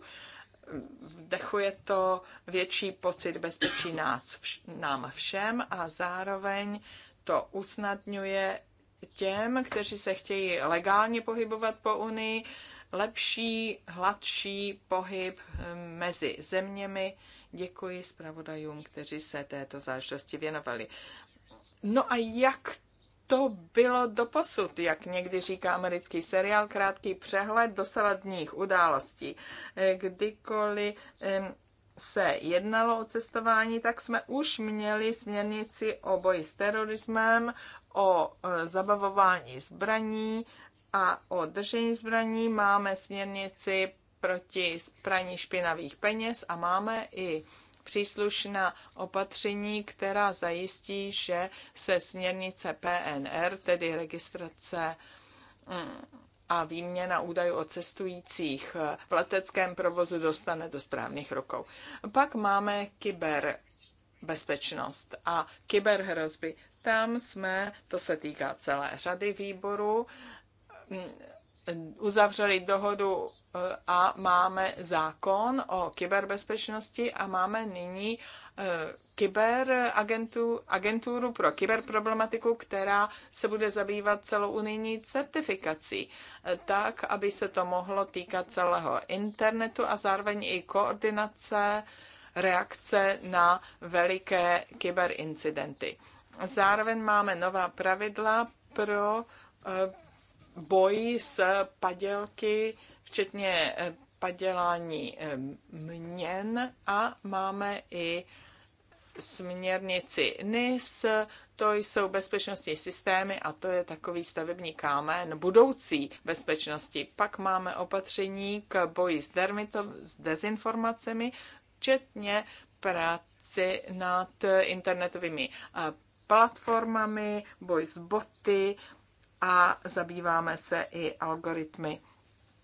B: Vdechuje to větší pocit bezpečí nás, nám všem a zároveň to usnadňuje těm, kteří se chtějí legálně pohybovat po Unii, lepší, hladší pohyb hm, mezi zeměmi. Děkuji zpravodajům, kteří se této záležitosti věnovali. No a jak to bylo doposud, jak někdy říká americký seriál, krátký přehled dosavadních událostí. Eh, Kdykoliv se jednalo o cestování, tak jsme už měli směrnici o boji s terorismem, o eh, zabavování zbraní a o držení zbraní. Máme směrnici proti praní špinavých peněz a máme i příslušná opatření, která zajistí, že se směrnice PNR, tedy registrace mm, a výměna údajů o cestujících v leteckém provozu dostane do správných rukou. Pak máme kyber bezpečnost a kyberhrozby. Tam jsme, to se týká celé řady výborů, uzavřeli dohodu eh, a máme zákon o kyberbezpečnosti a máme nyní eh, kyberagenturu agenturu pro kyberproblematiku, která se bude zabývat celou unijní certifikací, eh, tak, aby se to mohlo týkat celého internetu a zároveň i koordinace reakce na veliké kyberincidenty. Zároveň máme nová pravidla pro boji s padělky, včetně eh, padělání eh, měn a máme i směrnici NIS, to jsou bezpečnostní systémy a to je takový stavební kámen budoucí bezpečnosti. Pak máme opatření k boji s, dermito, s dezinformacemi, včetně práci nad internetovými eh, platformami, boj s boty, a zabýváme se i algoritmy.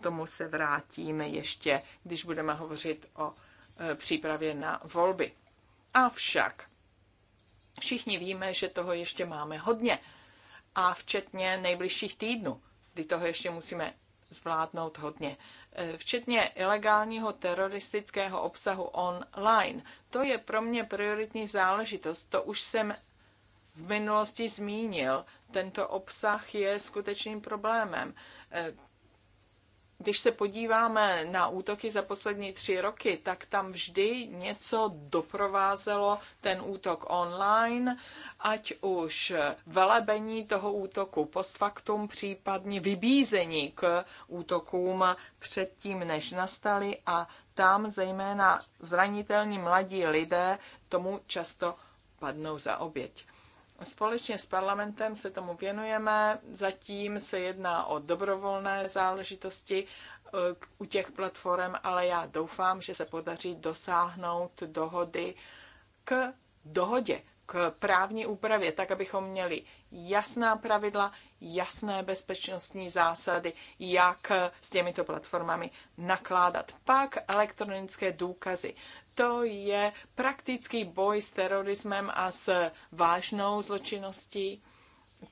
B: Tomu se vrátíme ještě, když budeme hovořit o e, přípravě na volby. Avšak všichni víme, že toho ještě máme hodně a včetně nejbližších týdnů, kdy toho ještě musíme zvládnout hodně. E, včetně ilegálního teroristického obsahu online. To je pro mě prioritní záležitost. To už jsem v minulosti zmínil. Tento obsah je skutečným problémem. E, když se podíváme na útoky za poslední tři roky, tak tam vždy něco doprovázelo ten útok online, ať už velebení toho útoku post factum, případně vybízení k útokům předtím, než nastaly a tam zejména zranitelní mladí lidé tomu často padnou za oběť. Společně s parlamentem se tomu věnujeme. Zatím se jedná o dobrovolné záležitosti eh, u těch platform, ale já doufám, že se podaří dosáhnout dohody k dohodě, k právní úpravě, tak abychom měli jasná pravidla, jasné bezpečnostní zásady, jak s těmito platformami nakládat. Pak elektronické důkazy to je praktický boj s terorismem a s vážnou zločinností.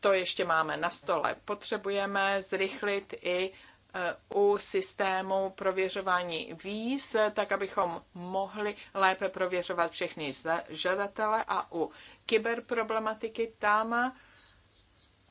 B: To ještě máme na stole. Potřebujeme zrychlit i e, u systému prověřování víz, tak abychom mohli lépe prověřovat všechny žadatele a u kyberproblematiky tam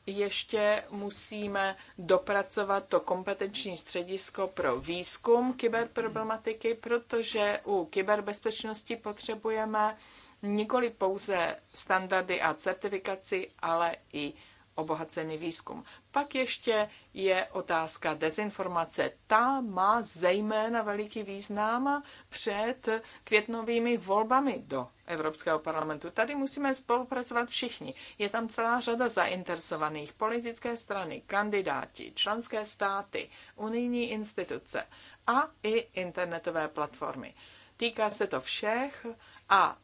B: ještě musíme dopracovat to kompetenční středisko pro výzkum kyberproblematiky, protože u kyberbezpečnosti potřebujeme nikoli pouze standardy a certifikaci, ale i obohacený výzkum. Pak ještě je otázka dezinformace. Ta má zejména veliký význam před květnovými volbami do Evropského parlamentu. Tady musíme spolupracovat všichni. Je tam celá řada zainteresovaných. Politické strany, kandidáti, členské státy, unijní instituce a i internetové platformy. Týká se to všech a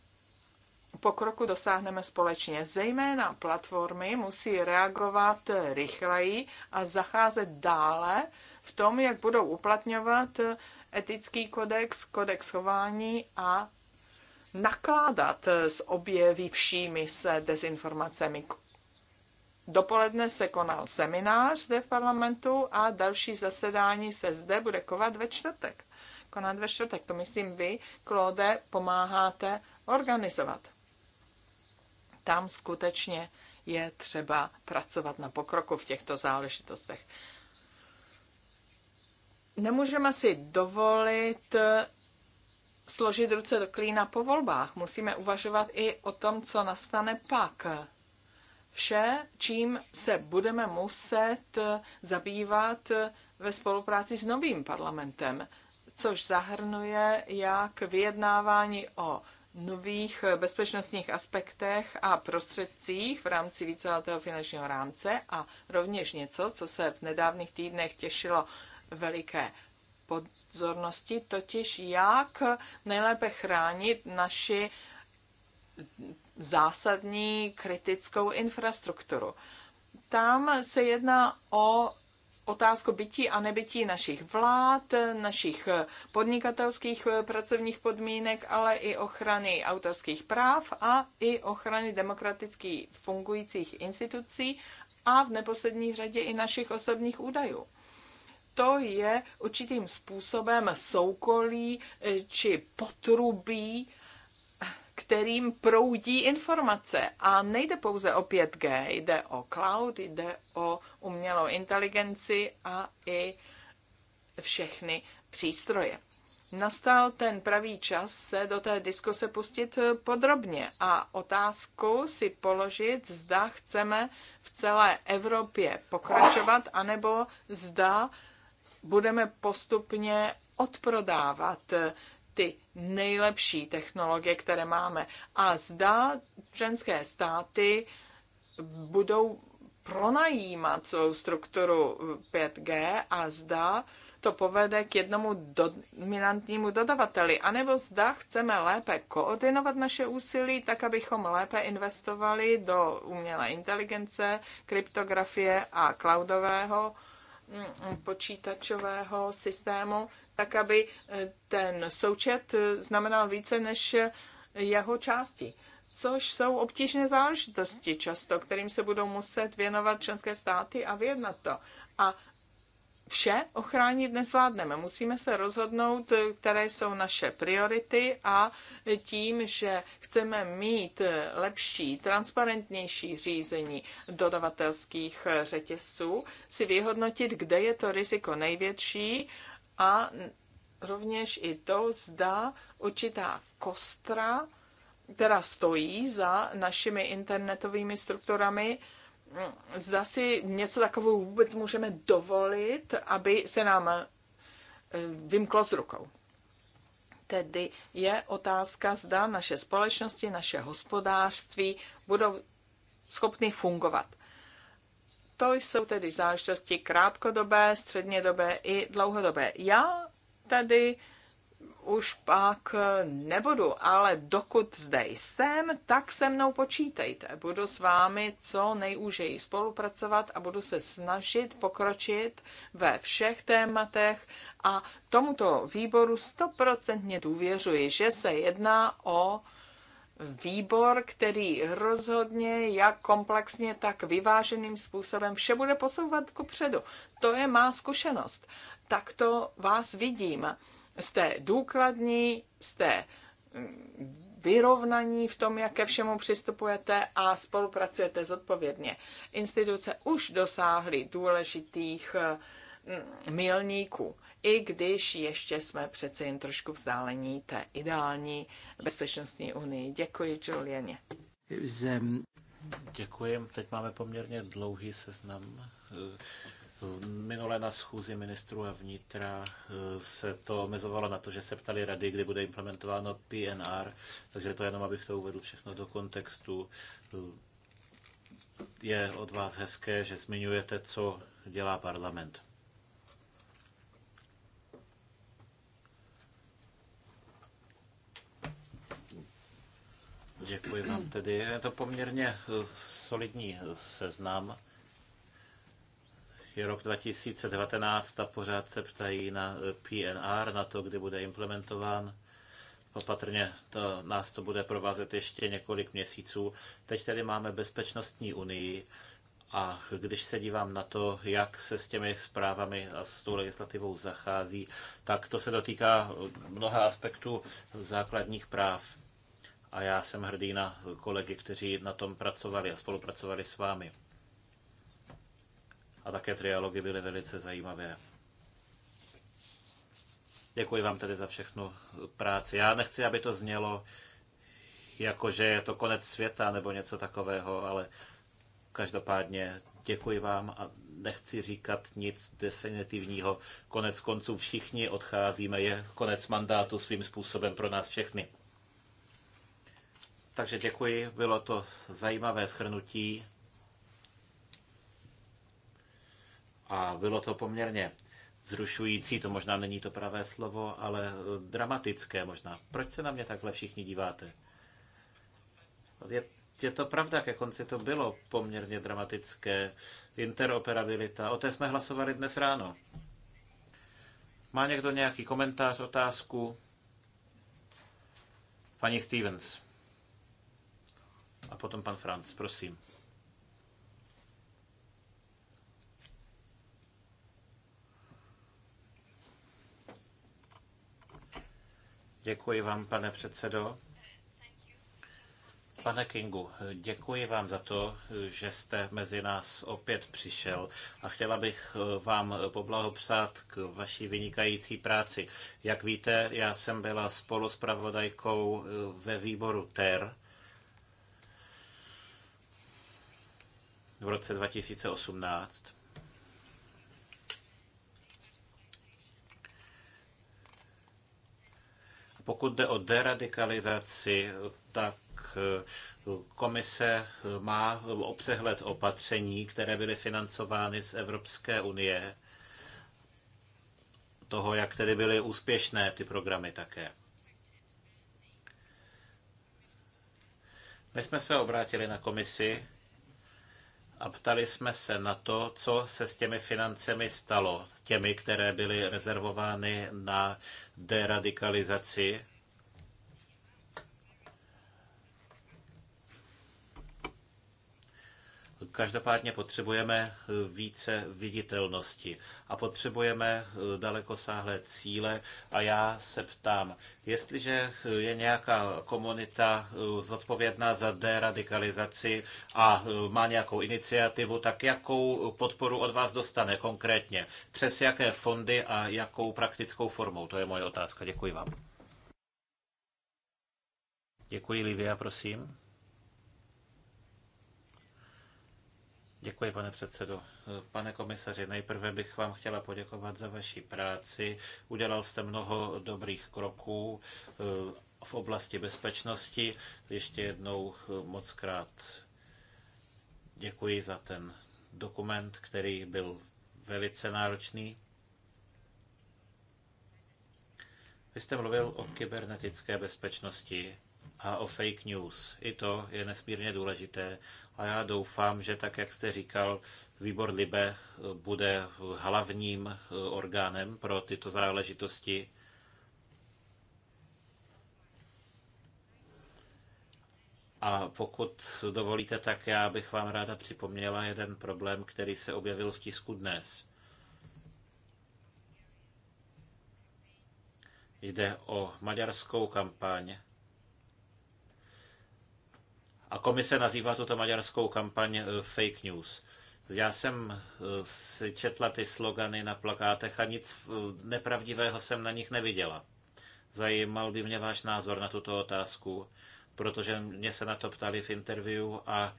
B: pokroku dosáhneme společně. Zejména platformy musí reagovat rychleji a zacházet dále v tom, jak budou uplatňovat etický kodex, kodex chování a nakládat s objevivšími se dezinformacemi. Dopoledne se konal seminář zde v parlamentu a další zasedání se zde bude kovat ve čtvrtek. Konat ve čtvrtek, to myslím vy, Klode, pomáháte organizovat tam skutečně je třeba pracovat na pokroku v těchto záležitostech. Nemůžeme si dovolit eh, složit ruce do klína po volbách. Musíme uvažovat i o tom, co nastane pak. Vše, čím se budeme muset eh, zabývat eh, ve spolupráci s novým parlamentem, což zahrnuje jak vyjednávání o nových eh, bezpečnostních aspektech a prostředcích v rámci víceletého finančního rámce a rovněž něco, co se v nedávných týdnech těšilo veliké pozornosti, totiž jak nejlépe chránit naši zásadní kritickou infrastrukturu. Tam se jedná o otázku bytí a nebytí našich vlád, našich podnikatelských eh, pracovních podmínek, ale i ochrany autorských práv a i ochrany demokraticky fungujících institucí a v neposlední řadě i našich osobních údajů to je určitým způsobem soukolí eh, či potrubí kterým proudí informace. A nejde pouze o 5G, jde o cloud, jde o umělou inteligenci a i všechny přístroje. Nastal ten pravý čas se do té diskuse pustit podrobně a otázku si položit, zda chceme v celé Evropě pokračovat, anebo zda budeme postupně odprodávat ty nejlepší technologie, které máme. A zda členské státy budou pronajímat svou strukturu 5G a zda to povede k jednomu dominantnímu dodavateli, anebo zda chceme lépe koordinovat naše úsilí, tak abychom lépe investovali do umělé inteligence, kryptografie a cloudového Mm, počítačového systému, tak aby eh, ten součet eh, znamenal více než jeho části. Což jsou obtížné záležitosti často, kterým se budou muset věnovat členské státy a vyjednat to. A vše ochránit nezvládneme. Musíme se rozhodnout, které jsou naše priority a tím, že chceme mít lepší, transparentnější řízení dodavatelských řetězců, si vyhodnotit, kde je to riziko největší a rovněž i to, zda určitá kostra, která stojí za našimi internetovými strukturami, zda si něco takového vůbec můžeme dovolit, aby se nám eh, vymklo z rukou. Tedy je otázka, zda naše společnosti, naše hospodářství budou schopny fungovat. To jsou tedy záležitosti krátkodobé, střednědobé i dlouhodobé. Já tedy už pak nebudu, ale dokud zde jsem, tak se mnou počítejte. Budu s vámi co nejúžeji spolupracovat a budu se snažit pokročit ve všech tématech a tomuto výboru stoprocentně důvěřuji, že se jedná o výbor, který rozhodně jak komplexně, tak vyváženým způsobem vše bude posouvat ku předu. To je má zkušenost. to vás vidím Jste důkladní, jste mm, vyrovnaní v tom, jak ke všemu přistupujete a spolupracujete zodpovědně. Instituce už dosáhly důležitých mm, milníků, i když ještě jsme přece jen trošku vzdálení té ideální bezpečnostní unii. Děkuji, Julianě. Um,
C: Děkuji. Teď máme poměrně dlouhý seznam eh, Minule na schůzi ministrů a vnitra eh, se to omezovalo na to, že se ptali rady, kdy bude implementováno PNR, takže to jenom, abych to uvedl všechno do kontextu. Eh, je od vás hezké, že zmiňujete, co dělá parlament. Děkuji vám tedy. Je to poměrně eh, solidní seznam. Je rok 2019 a pořád se ptají na eh, PNR, na to, kdy bude implementován. Opatrně to, nás to bude provázet ještě několik měsíců. Teď tedy máme bezpečnostní unii a když se dívám na to, jak se s těmi zprávami a s tou legislativou zachází, tak to se dotýká mnoha aspektů základních práv. A já jsem hrdý na kolegy, kteří na tom pracovali a spolupracovali s vámi a také trialogy byly velice zajímavé. Děkuji vám tedy za všechnu práci. Já nechci, aby to znělo jako, že je to konec světa nebo něco takového, ale každopádně děkuji vám a nechci říkat nic definitivního. Konec konců všichni odcházíme, je konec mandátu svým způsobem pro nás všechny. Takže děkuji, bylo to zajímavé shrnutí. A bylo to poměrně zrušující, to možná není to pravé slovo, ale eh, dramatické možná. Proč se na mě takhle všichni díváte? Je, je to pravda, ke konci to bylo poměrně dramatické. Interoperabilita, o té jsme hlasovali dnes ráno. Má někdo nějaký komentář, otázku? Paní Stevens. A potom pan Franz, prosím. Děkuji vám, pane předsedo. Pane Kingu, děkuji vám za to, že jste mezi nás opět přišel a chtěla bych vám poblahopřát k vaší vynikající práci. Jak víte, já jsem byla spolu s pravodajkou ve výboru TER v roce 2018 Pokud jde o deradikalizaci, tak eh, komise má přehled opatření, které byly financovány z Evropské unie, toho, jak tedy byly úspěšné ty programy také. My jsme se obrátili na komisi a ptali jsme se na to, co se s těmi financemi stalo, těmi, které byly rezervovány na deradikalizaci Každopádně potřebujeme eh, více viditelnosti a potřebujeme eh, dalekosáhlé cíle. A já se ptám, jestliže eh, je nějaká komunita zodpovědná za deradikalizaci a má nějakou iniciativu, tak jakou podporu od vás dostane konkrétně? Přes jaké fondy a jakou praktickou formou? To je moje otázka. Děkuji vám. Děkuji, Livia, prosím. Děkuji, pane předsedo. Pane komisaři, nejprve bych vám chtěla poděkovat za vaši práci. Udělal jste mnoho dobrých kroků eh, v oblasti bezpečnosti. Ještě jednou eh, moc krát děkuji za ten dokument, který byl velice náročný. Vy jste mluvil o kybernetické bezpečnosti a o fake news. I to je nesmírně důležité a já doufám, že tak, jak jste říkal, výbor Libe eh, bude hlavním eh, orgánem pro tyto záležitosti. A pokud dovolíte, tak já bych vám ráda připomněla jeden problém, který se objevil v tisku dnes. Jde o maďarskou kampaň a komise nazývá tuto maďarskou kampaň eh, fake news. Já jsem eh, si četla ty slogany na plakátech a nic eh, nepravdivého jsem na nich neviděla. Zajímal by mě váš názor na tuto otázku, protože mě se na to ptali v interview a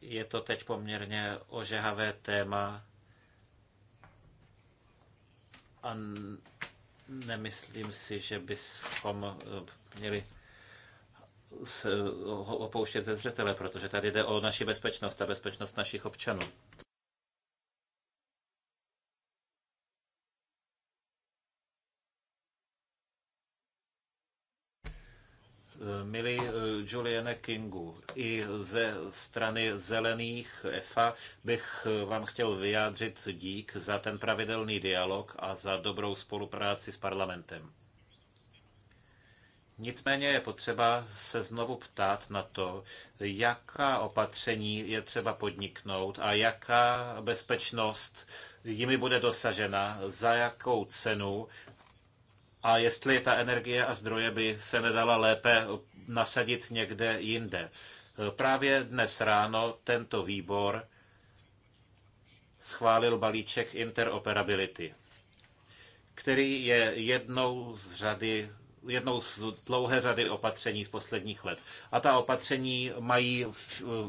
C: je to teď poměrně ožehavé téma a nemyslím si, že bychom měli ho opouštět ze zřetele, protože tady jde o naši bezpečnost a bezpečnost našich občanů. milý eh, Juliane Kingu, i ze strany zelených EFA bych eh, vám chtěl vyjádřit dík za ten pravidelný dialog a za dobrou spolupráci s parlamentem. Nicméně je potřeba se znovu ptát na to, jaká opatření je třeba podniknout a jaká bezpečnost jimi bude dosažena, za jakou cenu a jestli ta energie a zdroje by se nedala lépe nasadit někde jinde. Právě dnes ráno tento výbor schválil balíček interoperability, který je jednou z řady jednou z dlouhé řady opatření z posledních let. A ta opatření mají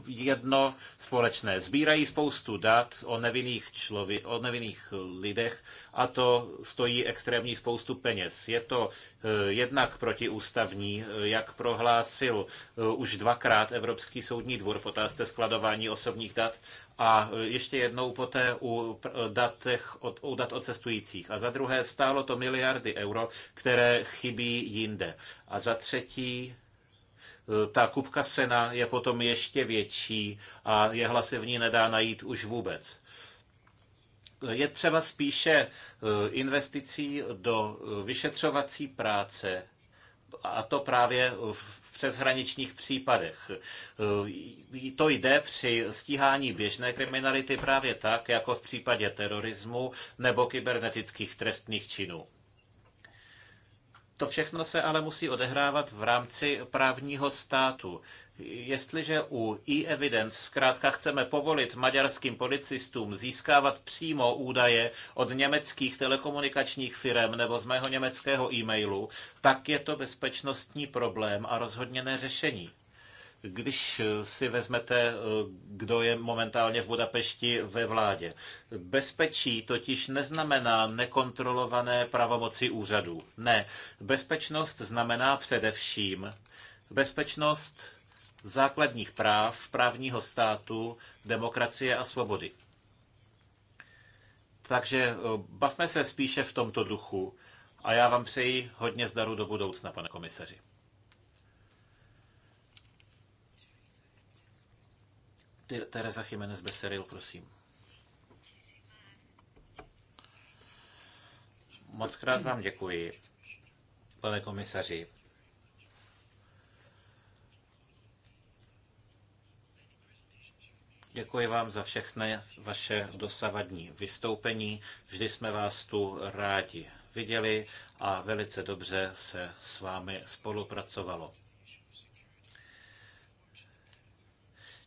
C: jedno společné. Sbírají spoustu dat o nevinných, člově- o nevinných lidech a to stojí extrémní spoustu peněz. Je to eh, jednak protiústavní, eh, jak prohlásil eh, už dvakrát Evropský soudní dvůr v otázce skladování osobních dat a ještě jednou poté u, datech, od, u dat o cestujících. A za druhé stálo to miliardy euro, které chybí jinde. A za třetí eh, ta kupka sena je potom ještě větší a jehla se v ní nedá najít už vůbec. Je třeba spíše eh, investicí do eh, vyšetřovací práce, a to právě přeshraničních případech. E, to jde při stíhání běžné kriminality právě tak, jako v případě terorismu nebo kybernetických trestných činů. To všechno se ale musí odehrávat v rámci právního státu. Jestliže u e-evidence zkrátka chceme povolit maďarským policistům získávat přímo údaje od německých telekomunikačních firm nebo z mého německého e-mailu, tak je to bezpečnostní problém a rozhodně ne řešení. Když si vezmete, kdo je momentálně v Budapešti ve vládě. Bezpečí totiž neznamená nekontrolované pravomoci úřadů. Ne, bezpečnost znamená především bezpečnost základních práv, právního státu, demokracie a svobody. Takže eh, bavme se spíše v tomto duchu a já vám přeji hodně zdaru do budoucna, pane komisaři. Teresa Jiménez Beseril, prosím. Moc krát vám děkuji, pane komisaři. Děkuji vám za všechny vaše dosavadní vystoupení. Vždy jsme vás tu rádi viděli a velice dobře se s vámi spolupracovalo.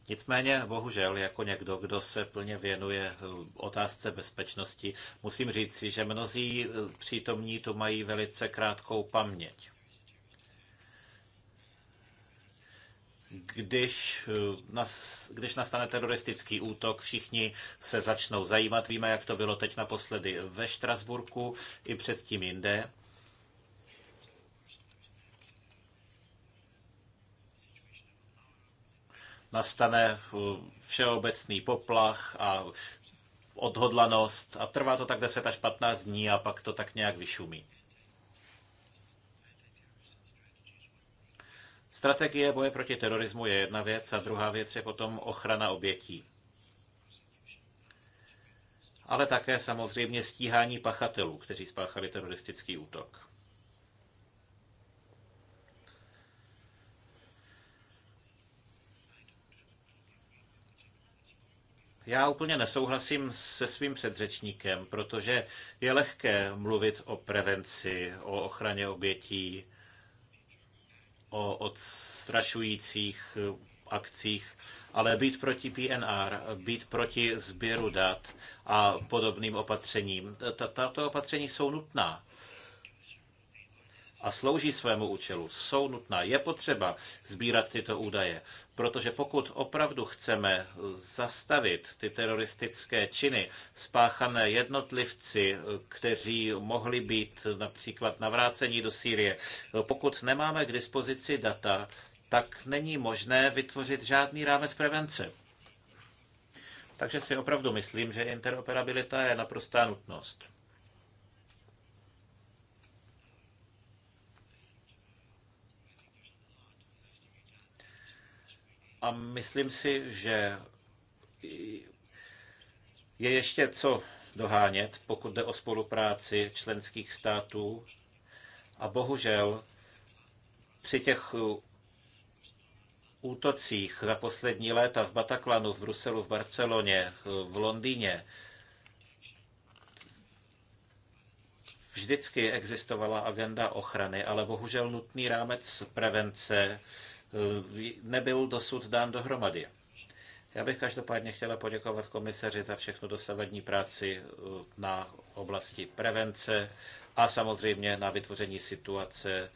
C: Nicméně, bohužel, jako někdo, kdo se plně věnuje eh, otázce bezpečnosti, musím říci, že mnozí eh, přítomní tu mají velice krátkou paměť. když, eh, nas, když nastane teroristický útok, všichni se začnou zajímat. Víme, jak to bylo teď naposledy ve Štrasburku i předtím jinde. Nastane eh, všeobecný poplach a odhodlanost a trvá to tak 10 až 15 dní a pak to tak nějak vyšumí. Strategie boje proti terorismu je jedna věc a druhá věc je potom ochrana obětí. Ale také samozřejmě stíhání pachatelů, kteří spáchali teroristický útok. Já úplně nesouhlasím se svým předřečníkem, protože je lehké mluvit o prevenci, o ochraně obětí, o odstrašujících eh, akcích, ale být proti PNR, být proti sběru dat a podobným opatřením, tato opatření jsou nutná a slouží svému účelu, jsou nutná. Je potřeba sbírat tyto údaje, protože pokud opravdu chceme zastavit ty teroristické činy spáchané jednotlivci, kteří mohli být například navrácení do Sýrie, pokud nemáme k dispozici data, tak není možné vytvořit žádný rámec prevence. Takže si opravdu myslím, že interoperabilita je naprostá nutnost. A myslím si, že je ještě co dohánět, pokud jde o spolupráci členských států. A bohužel při těch útocích za poslední léta v Bataklanu, v Bruselu, v Barceloně, v Londýně vždycky existovala agenda ochrany, ale bohužel nutný rámec prevence Eh, nebyl dosud dán dohromady. Já bych každopádně chtěla poděkovat komisaři za všechnu dosavadní práci eh, na oblasti prevence a samozřejmě na vytvoření situace,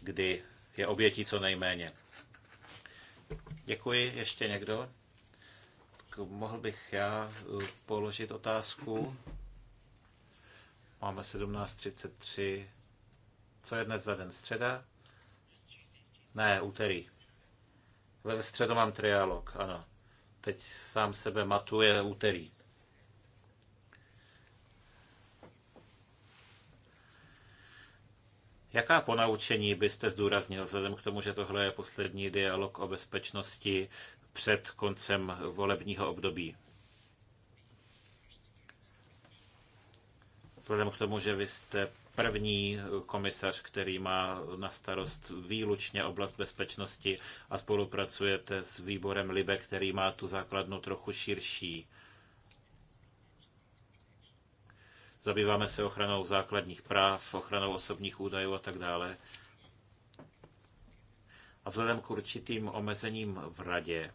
C: kdy je obětí co nejméně. Děkuji. Ještě někdo? Mohl bych já eh, položit otázku? Máme 17.33. Co je dnes za den? Středa? Ne, úterý. Ve středu mám triálok, ano. Teď sám sebe matuje úterý. Jaká ponaučení byste zdůraznil, vzhledem k tomu, že tohle je poslední dialog o bezpečnosti před koncem volebního období? Vzhledem k tomu, že vy jste první komisař, který má na starost výlučně oblast bezpečnosti a spolupracujete s výborem Libe, který má tu základnu trochu širší. Zabýváme se ochranou základních práv, ochranou osobních údajů a tak dále. A vzhledem k určitým omezením v radě,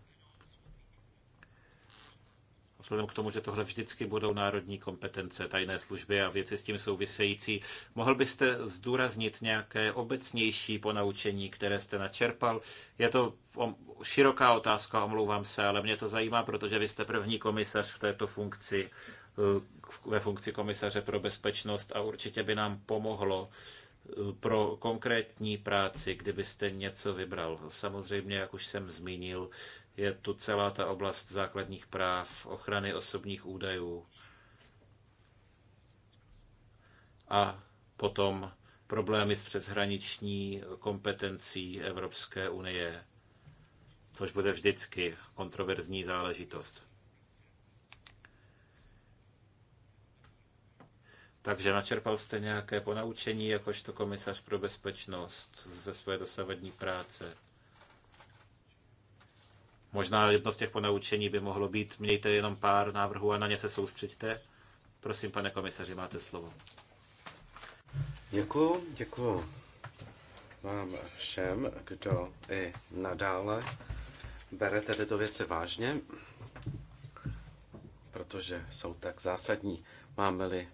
C: vzhledem k tomu, že tohle vždycky budou národní kompetence, tajné služby a věci s tím související. Mohl byste zdůraznit nějaké obecnější ponaučení, které jste načerpal? Je to široká otázka, omlouvám se, ale mě to zajímá, protože vy jste první komisař v této funkci, eh, ve funkci komisaře pro bezpečnost a určitě by nám pomohlo eh, pro konkrétní práci, kdybyste něco vybral. Samozřejmě, jak už jsem zmínil, je tu celá ta oblast základních práv, ochrany osobních údajů a potom problémy s přeshraniční kompetencí Evropské unie, což bude vždycky kontroverzní záležitost. Takže načerpal jste nějaké ponaučení jakožto komisař pro bezpečnost ze své dosavadní práce? Možná jedno z těch ponaučení by mohlo být, mějte jenom pár návrhů a na ně se soustřeďte. Prosím, pane komisaři, máte slovo.
A: Děkuji. děkuji vám všem, kdo i nadále berete tyto věci vážně, protože jsou tak zásadní. Máme-li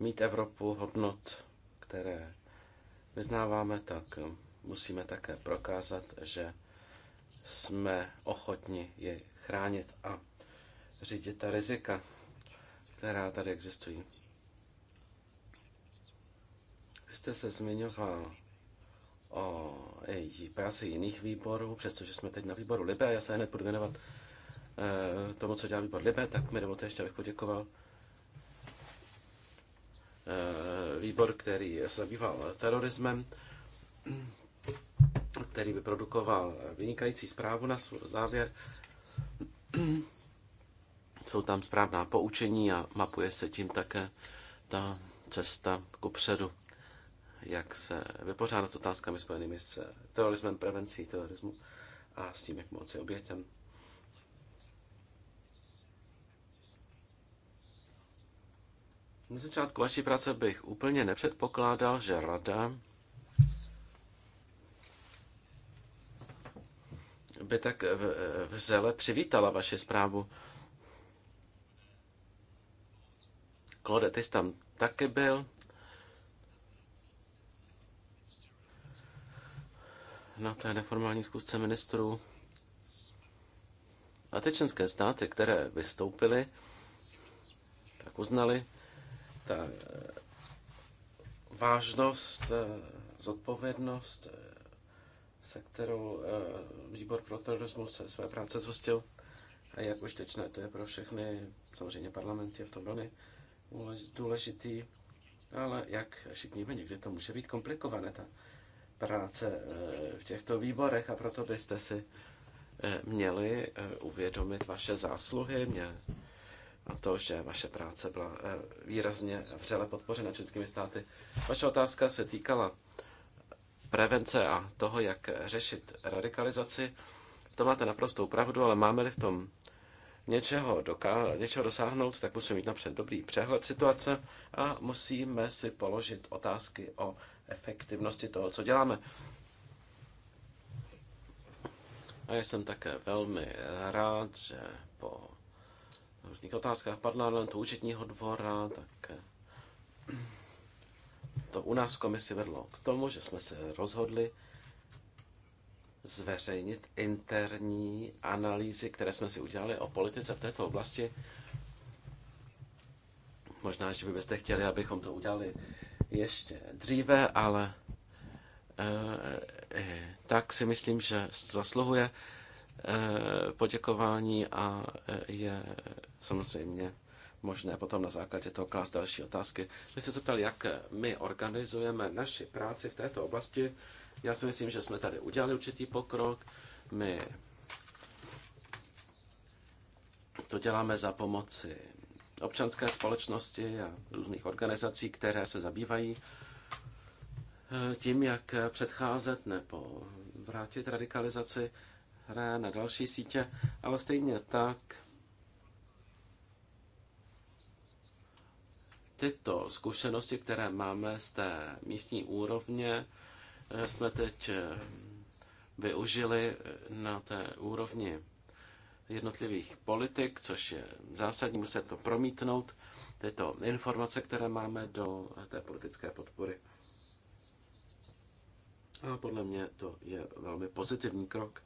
A: mít Evropu hodnot, které vyznáváme, tak musíme také prokázat, že jsme ochotni je chránit a řídit ta rizika, která tady existují. Vy jste se zmiňoval o její práci jiných výborů, přestože jsme teď na výboru Libe a já se hned budu věnovat eh, tomu, co dělá výbor Libe, tak mi dovolte ještě, abych poděkoval eh, výbor, který se zabýval terorismem který vyprodukoval vynikající zprávu na závěr. Jsou tam správná poučení a mapuje se tím také ta cesta ku předu, jak se vypořádat s otázkami spojenými s terorismem, prevencí terorismu a s tím, jak moci obětem. Na začátku vaší práce bych úplně nepředpokládal, že rada by tak vřele přivítala vaši zprávu. Klode, ty jsi tam taky byl. Na té neformální zkusce ministrů. A ty členské státy, které vystoupily, tak uznali ta eh, vážnost, eh, zodpovědnost eh, se kterou eh, výbor pro terorismus se své práce zhostil a jak užtečné to je pro všechny, samozřejmě parlament je v tom velmi důležitý, ale jak všichni víme, někdy to může být komplikované, ta práce eh, v těchto výborech a proto byste si eh, měli uvědomit vaše zásluhy mě a to, že vaše práce byla výrazně vřele podpořena českými státy. Vaše otázka se týkala prevence a toho, jak řešit radikalizaci. To máte naprostou pravdu, ale máme-li v tom něčeho, doká- něčeho dosáhnout, tak musíme mít napřed dobrý přehled situace a musíme si položit otázky o efektivnosti toho, co děláme. A já jsem také velmi rád, že po různých otázkách parlamentu, účetního dvora, tak to u nás v komisi vedlo k tomu, že jsme se rozhodli zveřejnit interní analýzy, které jsme si udělali o politice v této oblasti. Možná, že byste chtěli, abychom to udělali ještě dříve, ale eh, eh tak si myslím, že zasluhuje eh, poděkování a eh, je samozřejmě možné potom na základě toho klást další otázky. My jste se ptali, jak my organizujeme naši práci v této oblasti. Já si myslím, že jsme tady udělali určitý pokrok. My to děláme za pomoci občanské společnosti a různých organizací, které se zabývají eh, tím, jak předcházet nebo vrátit radikalizaci hraje na další sítě, ale stejně tak tyto zkušenosti, které máme z té místní úrovně, eh, jsme teď eh, využili eh, na té úrovni jednotlivých politik, což je zásadní, musí to promítnout, tyto informace, které máme do té politické podpory. A podle mě to je velmi pozitivní krok.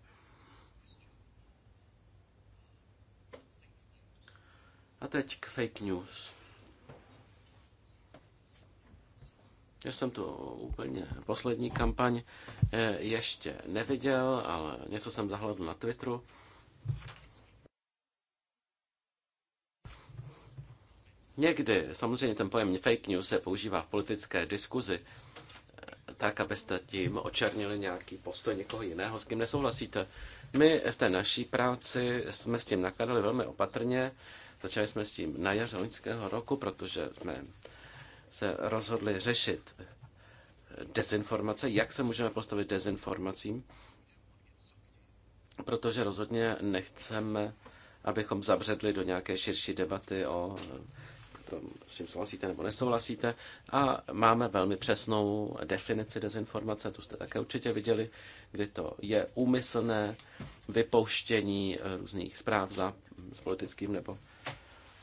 A: A teď k fake news. Já jsem tu úplně poslední kampaň eh, ještě neviděl, ale něco jsem zahledl na Twitteru. Někdy, samozřejmě ten pojem fake news se používá v politické diskuzi, eh, tak, abyste tím očernili nějaký postoj někoho jiného, s kým nesouhlasíte. My v té naší práci jsme s tím nakladali velmi opatrně. Začali jsme s tím na jaře loňského roku, protože jsme se rozhodli řešit dezinformace, jak se můžeme postavit dezinformacím, protože rozhodně nechceme, abychom zabředli do nějaké širší debaty o tom, s čím souhlasíte nebo nesouhlasíte. A máme velmi přesnou definici dezinformace, tu jste také určitě viděli, kdy to je úmyslné vypouštění eh, různých zpráv za s politickým nebo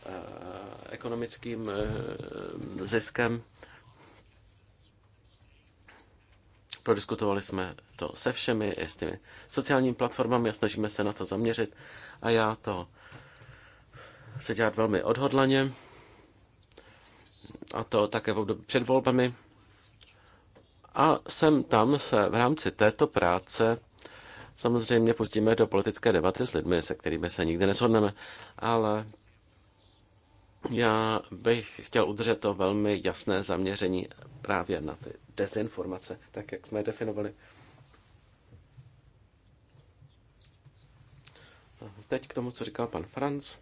A: Eh, ekonomickým eh, ziskem. Prodiskutovali jsme to se všemi, i s těmi sociálními platformami a snažíme se na to zaměřit. A já to se dělat velmi odhodlaně. A to také v období před volbami. A sem tam se v rámci této práce samozřejmě pustíme do politické debaty s lidmi, se kterými se nikdy neshodneme, ale já bych chtěl udržet to velmi jasné zaměření právě na ty dezinformace, tak jak jsme je definovali. A teď k tomu, co říkal pan Franz.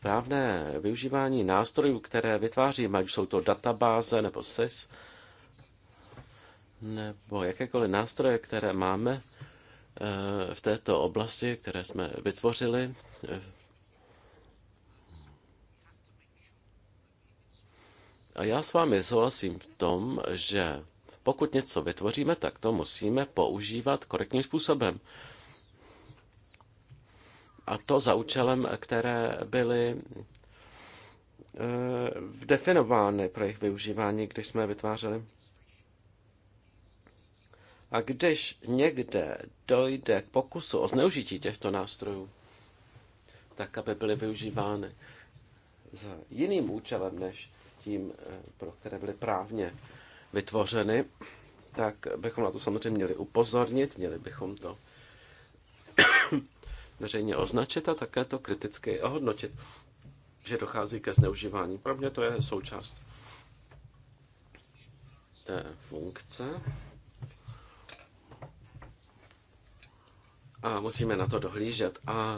A: Právné využívání nástrojů, které vytváří, ať jsou to databáze nebo SIS, nebo jakékoliv nástroje, které máme eh, v této oblasti, které jsme vytvořili eh, A já s vámi souhlasím v tom, že pokud něco vytvoříme, tak to musíme používat korektním způsobem. A to za účelem, které byly eh, definovány pro jejich využívání, když jsme je vytvářeli. A když někde dojde k pokusu o zneužití těchto nástrojů, tak aby byly využívány za jiným účelem, než tím, eh, pro které byly právně vytvořeny, tak bychom na to samozřejmě měli upozornit, měli bychom to (coughs) veřejně označit a také to kriticky ohodnotit, že dochází ke zneužívání. Pro mě to je součást té funkce. A musíme na to dohlížet. A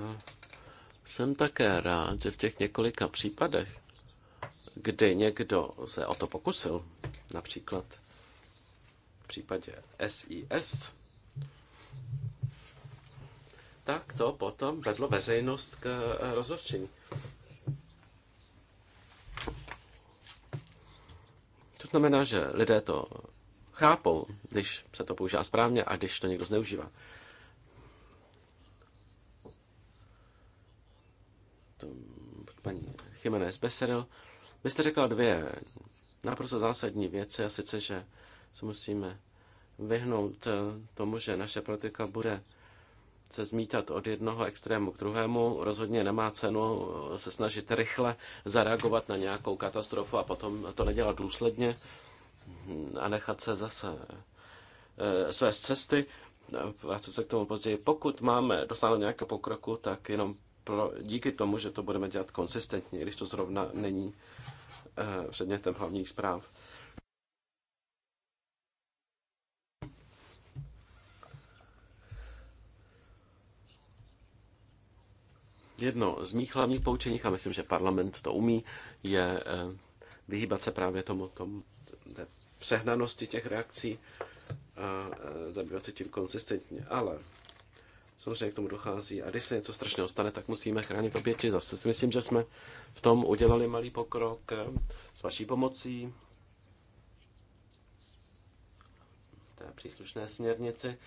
A: jsem také rád, že v těch několika případech, kdy někdo se o to pokusil, například v případě SIS, tak to potom vedlo veřejnost k eh, rozhořčení. To znamená, že lidé to chápou, když se to používá správně a když to někdo zneužívá. To paní Jiménez Beseril vy jste řekla dvě naprosto zásadní věci, a sice, že se musíme vyhnout eh, tomu, že naše politika bude se zmítat od jednoho extrému k druhému. Rozhodně nemá cenu eh, se snažit rychle zareagovat na nějakou katastrofu a potom to nedělat důsledně a nechat se zase eh, své cesty. Vrátit se k tomu později. Pokud máme dosáhnout nějakého pokroku, tak jenom pro, díky tomu, že to budeme dělat konsistentně, když to zrovna není eh, předmětem hlavních zpráv. Jedno z mých hlavních poučení, a myslím, že parlament to umí, je eh, vyhýbat se právě tomu, tomu té přehnanosti těch reakcí a eh, zabývat se tím konsistentně. Ale samozřejmě k tomu dochází. A když se něco strašného stane, tak musíme chránit oběti. Zase si myslím, že jsme v tom udělali malý pokrok eh, s vaší pomocí. Té příslušné směrnici.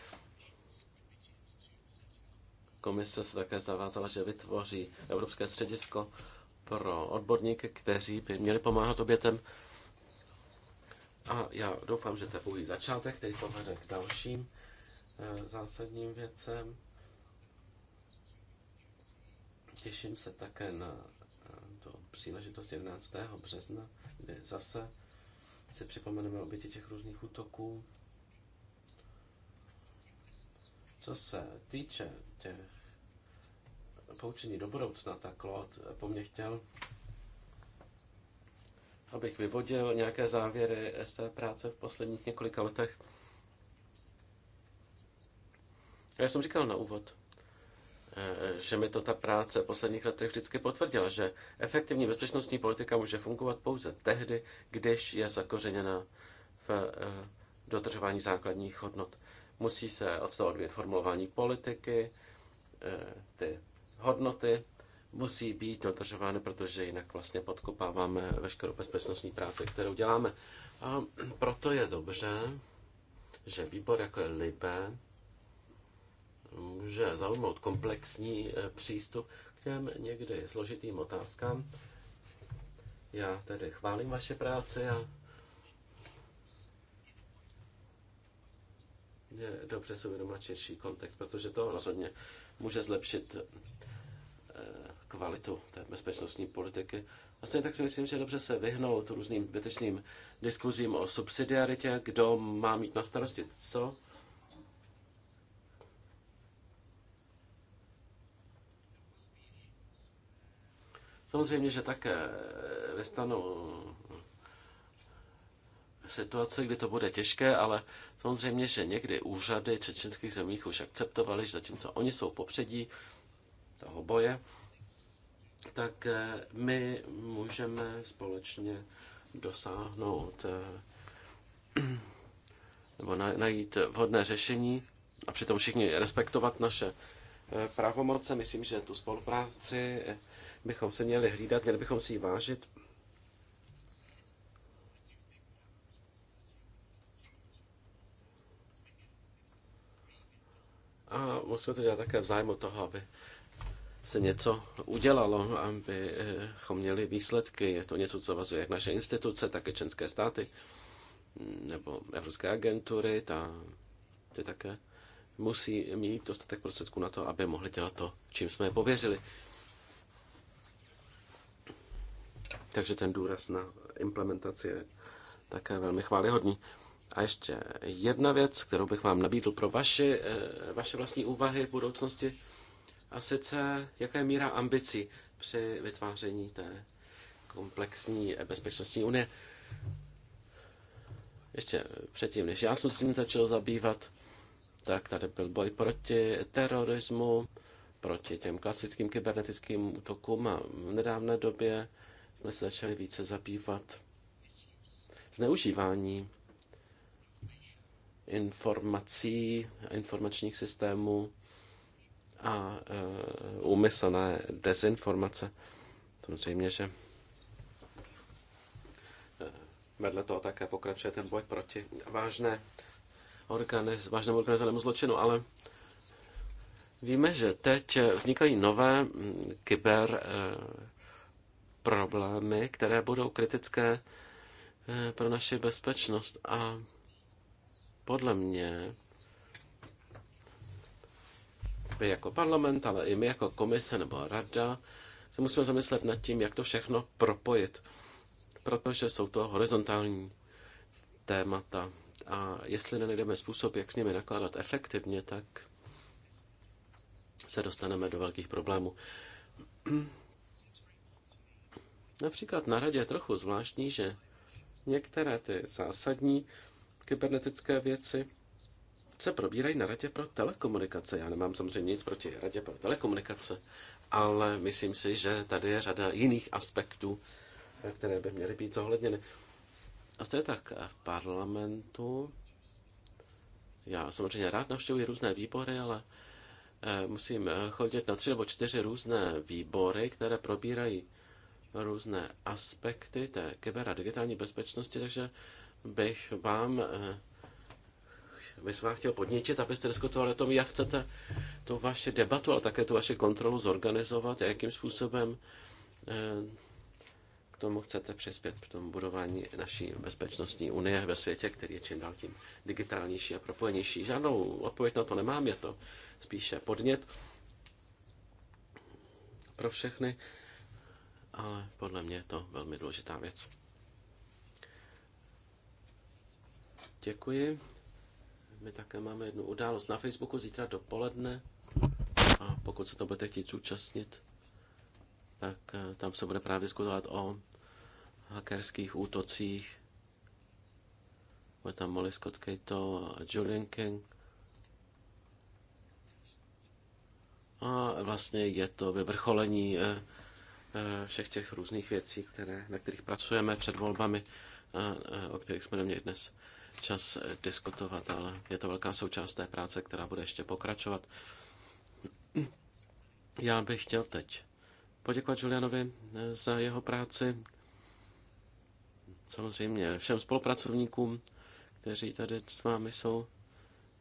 A: Komise se také zavázala, že vytvoří Evropské středisko pro odborníky, kteří by měli pomáhat obětem. A já doufám, že to je pouhý začátek, který povede k dalším eh, zásadním věcem. Těším se také na eh, tu příležitost 11. března, kdy zase si připomeneme oběti těch různých útoků. Co se týče těch poučení do budoucna, tak Claude po mně chtěl, abych vyvodil nějaké závěry z té práce v posledních několika letech. Já jsem říkal na úvod, Eh, že mi to ta práce v posledních letech vždycky potvrdila, že efektivní bezpečnostní politika může fungovat pouze tehdy, když je zakořeněna v eh, dodržování základních hodnot. Musí se od toho odvět formulování politiky, eh, ty hodnoty musí být dodržovány, protože jinak vlastně podkopáváme veškerou bezpečnostní práci, kterou děláme. A proto je dobře, že výbor jako je Libe může zaujmout komplexní eh, přístup k těm někdy složitým otázkám. Já tedy chválím vaše práci a je dobře si uvědomovat širší kontext, protože to rozhodně může zlepšit eh, kvalitu té bezpečnostní politiky. Vlastně tak si myslím, že je dobře se vyhnout různým zbytečným diskuzím o subsidiaritě, kdo má mít na starosti co. Samozřejmě, že také eh, vystanou eh, situace, kdy to bude těžké, ale samozřejmě, že někdy úřady čečenských zemích už akceptovaly, že zatímco oni jsou popředí toho boje, tak eh, my můžeme společně dosáhnout (clears throat) nebo najít vhodné řešení a přitom všichni respektovat naše pravomoce. Myslím, že tu spolupráci bychom se měli hlídat, měli bychom si ji vážit. A musíme to dělat také v zájmu toho, aby se něco udělalo, abychom měli výsledky. Je to něco, co vazuje jak naše instituce, tak i české státy nebo evropské agentury, ta, ty také musí mít dostatek prostředků na to, aby mohli dělat to, čím jsme je pověřili. Takže ten důraz na implementaci je také velmi chválihodný. A ještě jedna věc, kterou bych vám nabídl pro vaši, eh, vaše vlastní úvahy v budoucnosti, a sice jaká je míra ambicí při vytváření té komplexní bezpečnostní unie. Ještě předtím, než já jsem s tím začal zabývat, tak tady byl boj proti terorismu, proti těm klasickým kybernetickým útokům a v nedávné době jsme se začali více zabývat zneužívání informací, informačních systémů a e, úmyslné dezinformace. Samozřejmě, že e, vedle toho také pokračuje ten boj proti vážné orgány, vážnému organizovanému zločinu, ale víme, že teď vznikají nové kyber e, problémy, které budou kritické eh, pro naši bezpečnost. A podle mě vy jako parlament, ale i my jako komise nebo rada se musíme zamyslet nad tím, jak to všechno propojit, protože jsou to horizontální témata. A jestli nenajdeme způsob, jak s nimi nakládat efektivně, tak se dostaneme do velkých problémů. Například na radě je trochu zvláštní, že některé ty zásadní kybernetické věci se probírají na radě pro telekomunikace. Já nemám samozřejmě nic proti radě pro telekomunikace, ale myslím si, že tady je řada jiných aspektů, které by měly být zohledněny. A je tak v parlamentu. Já samozřejmě rád navštěvuji různé výbory, ale eh, musím eh, chodit na tři nebo čtyři různé výbory, které probírají různé aspekty té kyber a digitální bezpečnosti, takže bych vám eh, bych vám chtěl podníčit, abyste diskutovali o tom, jak chcete tu vaši debatu, ale také tu vaši kontrolu zorganizovat a jakým způsobem eh, k tomu chcete přispět, k tomu budování naší bezpečnostní unie ve světě, který je čím dál tím digitálnější a propojenější. Žádnou odpověď na to nemám, je to spíše podnět pro všechny ale podle mě je to velmi důležitá věc. Děkuji. My také máme jednu událost na Facebooku zítra dopoledne a pokud se to budete chtít zúčastnit, tak eh, tam se bude právě diskutovat o hackerských útocích. Bude tam Molly Scott Cato, Julian King. A vlastně je to vyvrcholení eh, Eh, všech těch různých věcí, které, na kterých pracujeme před volbami, a, eh, eh, o kterých jsme neměli dnes čas diskutovat, ale je to velká součást té práce, která bude ještě pokračovat. Já bych chtěl teď poděkovat Julianovi za jeho práci, samozřejmě všem spolupracovníkům, kteří tady s vámi jsou.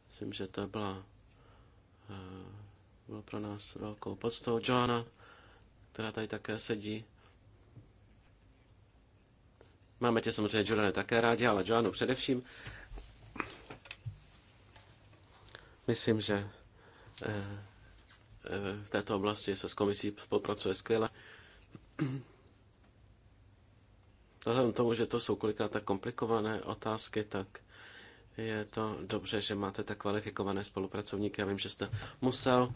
A: Myslím, že to byla, bylo pro nás velkou podstou. Joana, která tady také sedí. Máme tě samozřejmě, Jolene, také rádi, ale Jolanu především. Myslím, že eh, eh, v této oblasti se s komisí spolupracuje skvěle. (clears throat) Vzhledem tomu, že to jsou kolikrát tak komplikované otázky, tak je to dobře, že máte tak kvalifikované spolupracovníky. Já vím, že jste musel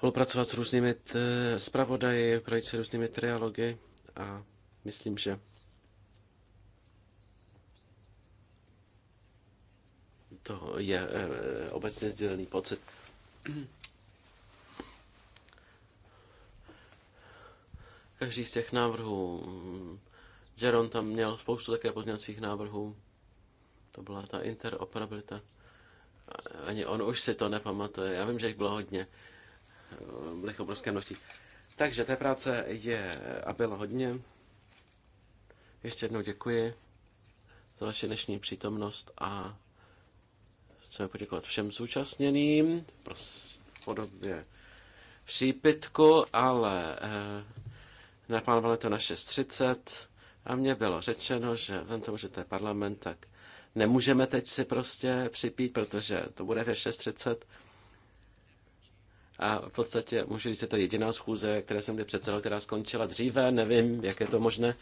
A: spolupracovat s různými t- eh, zpravodaji, projít se různými trialogy a myslím, že to je e, obecně sdělený pocit. Každý z těch návrhů, Jaron tam měl spoustu také pozměňovacích návrhů, to byla ta interoperabilita. Ani on už si to nepamatuje, já vím, že jich bylo hodně. Eh, byly obrovské množství. Takže té práce je a bylo hodně. Ještě jednou děkuji za vaši dnešní přítomnost a chceme poděkovat všem zúčastněným v podobě přípitku, ale eh, naplánovali to na 6.30 a mně bylo řečeno, že vem tomu, že to je parlament, tak nemůžeme teď si prostě připít, protože to bude ve 6.30 a v podstatě můžu říct, že to je jediná schůze, které jsem kdy předsedal, která skončila dříve, nevím, jak je to možné.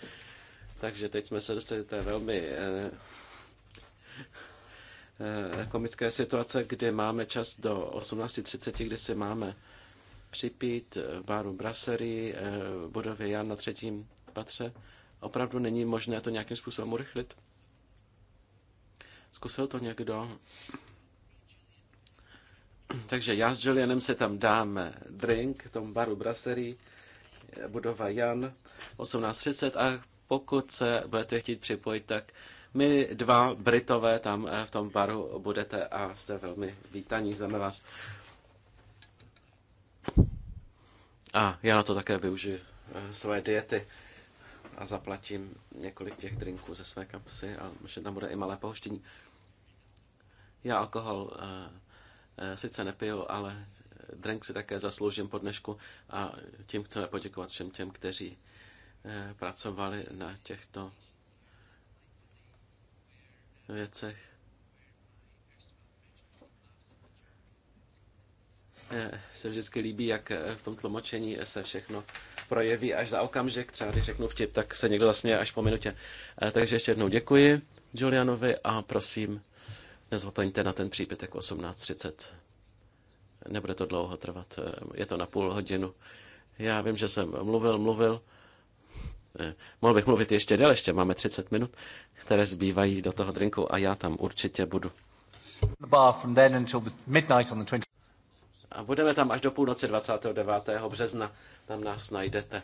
A: Takže teď jsme se dostali do té velmi eh, eh, komické situace, kdy máme čas do 18.30, kdy si máme připít v baru Brasserie eh, v budově Jan na třetím patře. Opravdu není možné to nějakým způsobem urychlit. Zkusil to někdo? Takže já s Julianem se tam dáme drink v tom baru Brasserie, budova Jan, 18.30 a pokud se budete chtít připojit, tak my dva Britové tam eh, v tom baru budete a jste velmi vítaní, zveme vás. A já to také využiju eh, své diety a zaplatím několik těch drinků ze své kapsy a možná tam bude i malé pohoštění. Já alkohol eh, Eh, sice nepiju, ale drink si také zasloužím po dnešku a tím chceme poděkovat všem těm, kteří eh, pracovali na těchto věcech. Eh, se vždycky líbí, jak v tom tlumočení se všechno projeví až za okamžik. Třeba když řeknu vtip, tak se někdo zasměje až po minutě. Takže ještě jednou děkuji Julianovi a prosím, nezapomeňte na ten přípitek jako 18.30. Nebude to dlouho trvat, eh, je to na půl hodinu. Já vím, že jsem mluvil, mluvil. Eh, mohl bych mluvit ještě déle, ještě máme 30 minut, které zbývají do toho drinku a já tam určitě budu. A budeme tam až do půlnoci 29. března, tam nás najdete.